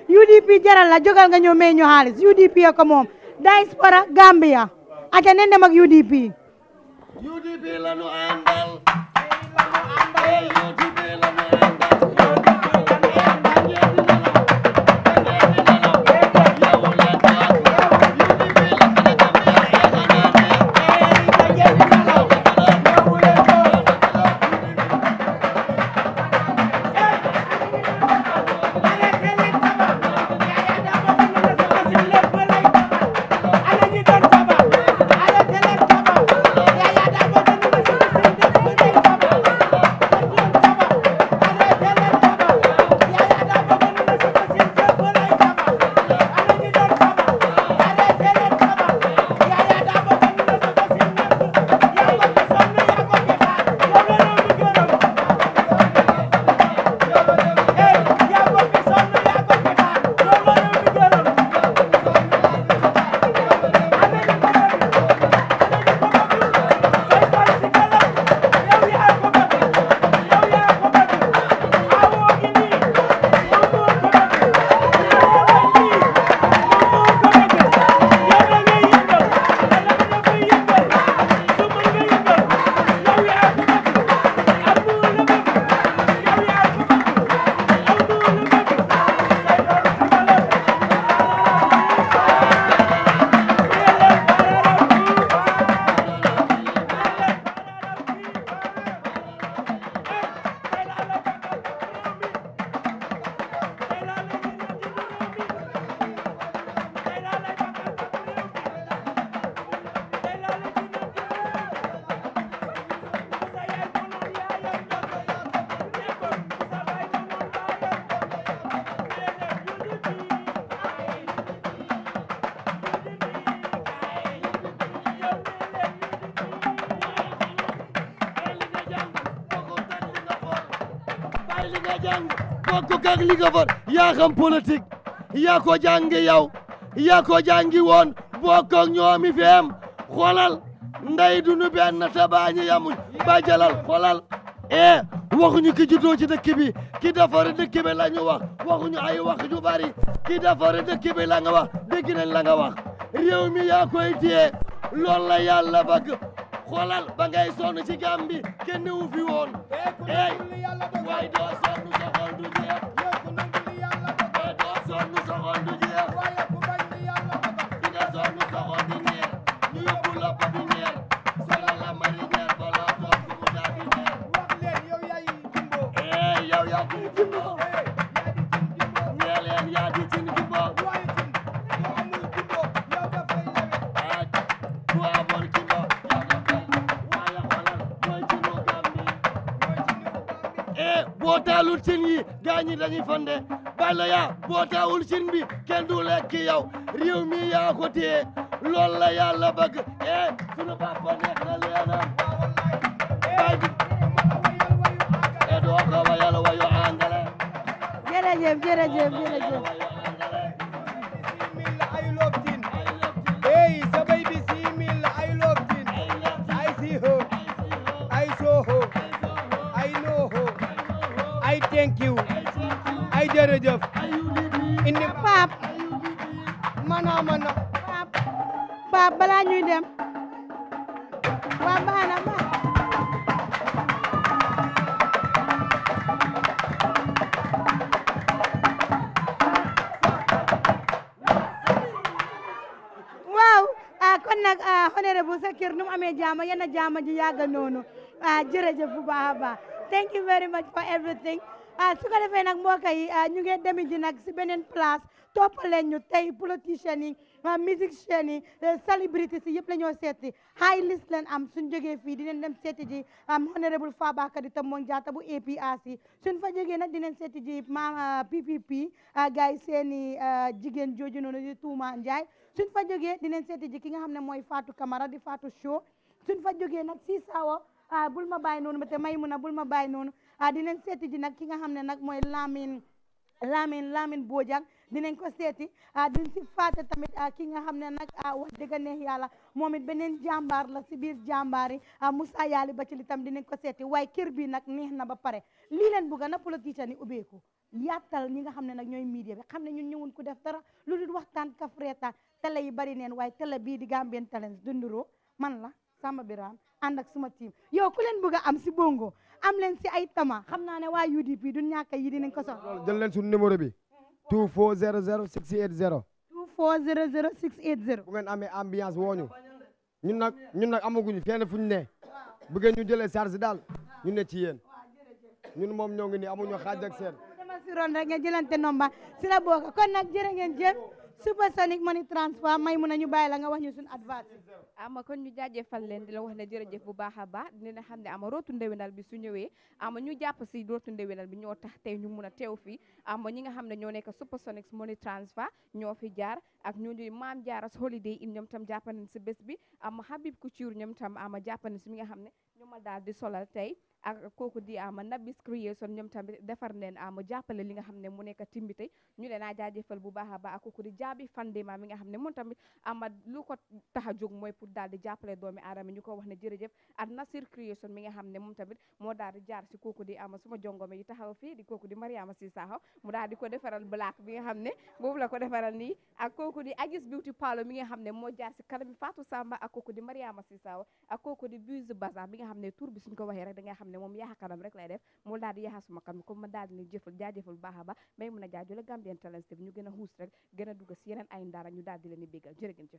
UDP jaral la jógal nga ñëw may ñu xaalis UDP ko moom diaspora Gambia ak a nen dem ak UDP ko jàngi yow yaa ko jàngi woon bokk ak ñoomi feem xolal nday dunu benn ta baañi yamuñ ba xolal e waxuñu ki juddoo ci ki defar dëkk bi la ñu wax waxuñu ay wax bari ki defar dëkk bi wax dégg nañ wax réew yaa koy téye loolu la yàlla xolal ba ngay sonn ci Gàmbi wu fi woon ni lañuy fonde balla yaa boo taawul sin bi kenn du lekk yow réew mi yaa ko téye loolu la yàlla bëgg jërëjëf indi pap dem waa baax na baax ah, kon nag ah, honorable Sakir amee jaama yéen a ji yàgg noonu ah, jërëjëf bu baax a baax thank you very much for everything ah su ko defee nag mbokk yi a ah, ngi demi ji nag si beneen place toppaleen ñu tey politiciens yi ah, musiciens yi eh, célébrités yi yëpp la ñoo seeti high list leen am suñ jógee fii dinañ dem seeti ji am ah, honorable Faba Kadi Tombong Jatta bu APRC suñ fa jógee nag dinañ seeti ji ma PPP gars yi seeni jigéen jooju noonu di Touma Ndiaye suñ fa jógee dinañ seeti ji ki nga xam ne mooy Fatou Camara di faatu Show suñ fa jógee nag si a bul ma bàyyi noonu ba te may mun a bul ma bàyyi noonu ah seti seeti ji nak ki nga xamne nak moy Lamine Lamine Lamine Bojang dinen ko seeti ah duñ ci faté tamit ah, ki nga xamne nak nag ah, wax diga neex yalla momit benen jambar la ci bir jàmbaar yi ah, Moussa Yali ba ci li tam dinen ko seeti way kër bi nak neex na ba pare li len bu na politicien yi ubbeeku ñi nga xamne nak ñoy media bi xamne ñun ñëwun ku def dara lu dul waxtaan ka freta télé yi bari neen way télé bi di gambien Talents dunduro man la sama biram andak suma team yow ku len bëgg am si bongo am leen si ay tama xam naa ne waa UDP duñ ñàkk yi dinañ ko soxla. jël leen suñu numéro bi. 2400 680. 2400 680. bu ngeen amee ambiance woo ñu ñun nag ñun nag amaguñu fenn fu ñu ne bu ngeen ñu jëlee charge daal ñu ne ci yéen ñun moom ñoo ngi ni amuñu xaaj ak seen. dama si ron rek nga jëlante si la kon nag jërë ngeen jëf. supersonic money transfer may mun a ñu bàyyi la nga wax ñu suñ advance ama kon ñu jaajëfal leen di la wax ne jërëjëf bu baax a baax dina xam ne ama rootu ndewinal bi su ñëwee ama ñu jàpp si rootu ndewinal bi ñoo tax tey ñu mun a teew fii ama ñi nga xam ne ñoo nekk supersonic money transfer ñoo fi jaar ak ñoo ñuy maam jaaras holiday in ñom tam jàppanen si bés bi ama Habib Couture ñoom tam ama jàppanen si mi nga xam ne ñoo ma daal di solal tey ak kooku di ama ah, Nabis Creation ñoom tamit defar neen ama ah, jàppale li nga xam ne mu nekk timbite ñu leen a jaajëfal bu baax a baax ak kooku di jaabi fandema mi nga xam ne moom tamit ama ah, lu ko tax a jóg mooy pour daal di jàppale doomi aadama ñu ko wax ne jërëjëf ak Nasir Creation mi nga xam ne moom tamit moo daal di jaar si kooku di ama suma jongome yi taxaw kooku di Mariama Sisaaxo mu daal di ko defaral black bi nga xam ne boobu la ko defaral nii ak kooku di Agis Beauty mi nga xam ne moo jaar si kanami Fatou Samba ak a di Mariama Sisaaxo ak kooku di Buse Baza mi nga xam ne tur bi suñ ko waxee rek da nga xam ne moom yaaxa kanam rek lay def mu daal di yaaxa suma kanam comme ma daal di leen jëfal jaajëfal baax a baax may mën a jaajëfal Gambian Talents TV ñu gën a xuus rek gën a dugg si yeneen ay ndaara ñu daal di leen di béggal jërëjëf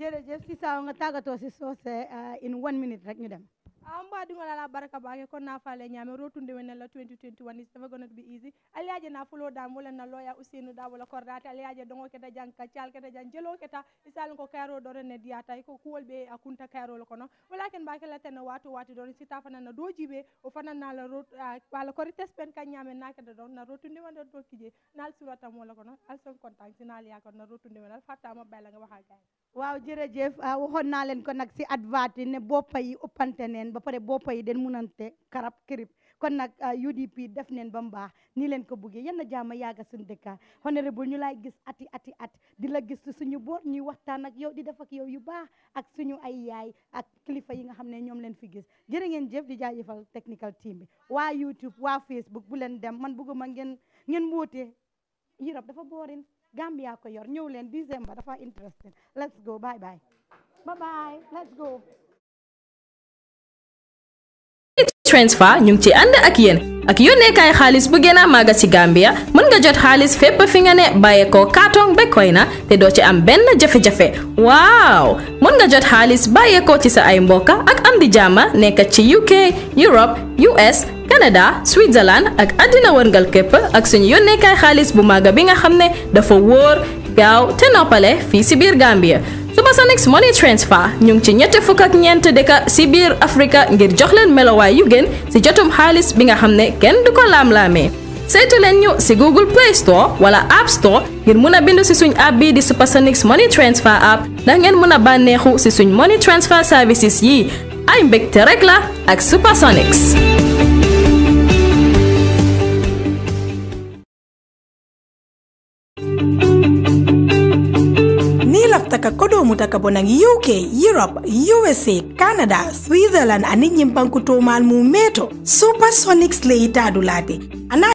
jërëjëf si saaw nga tàggatoo si soose euh, in one minute rek ñu dem amba ɗumal ala barka bake ko nafale ñame rotunde men nella 2021 wani safa gonat be easy aliyaje na fulo dam wala na loya usinu da wala korrate aliyaje dongo keta jang ka cal keta jang jelo keta isal ko kairo do ne diya tay ko kuwol be a kunta kairo ko no wala ken bake la tan wato wati do si ta fanana do jibe o fanana la rot wala ko rites pen ka ñame na keta do na rotunde wala do kije nal sura tam wala ko no al son contact sinal ya ko na rotunde wala fatama bayla nga waxa gay waaw jërëjëf ah, waxoon naa leen ko nag si advert yi ne boppa yi uppante neen ba pare boppa yi den munante karab kirib kon nag ah, UDP def neen ba mu baax nii leen ko buggee yenn jaama yaaga suñu dëkka honorable ñu lay gis ati ati at di la gis suñu boor ñuy waxtaan ak yow di def ak yow yu baax ak suñu ay yaay ak kilifa yi nga xam ne ñoom leen fi gis jërë ngeen jëf di jaajëfal technical team bi waa YouTube waa Facebook bu leen dem man bugguma ngeen ngeen wóote Europe dafa boorin Gambia ko yor ñëw leen December dafa interesting let's go bye bye bye transfer ñu ngi ci ànd ak yéen ak yónneekaay xaalis bu gën a màgg ci Gambia mën nga jot xaalis fépp fi nga ne bàyyeekoo kaatong ba na te doo ci am benn jafe-jafe waaw mën nga jot xaalis bàyyeekoo ci sa ay mbokka ak am di jàmma nekkat ci UK Europe US Canada Switzerland ak adina wërngal kep ak suñu kay xaliss bu maga bi nga xamne ne dafa wóor gaaw te fi ci bir Gambia Supersonics Money Transfer ñu ci ñetti fuk ak ci bir Afrika ngir jox leen melowaay yu gën ci jottum xaliss bi nga xamne kenn duko lam lamé. saytu leen si Google Play Store wala App Store ngir muna bindu bind si suñ app bi di Supersonics Money Transfer app ndax ngeen muna a si money transfer services yi ay mbégte rek la ak Supersonics taka kodomu taka bonang uk europe usa canada switzerland ani nyimbanku tomal mu meto supersonic le itadulate ana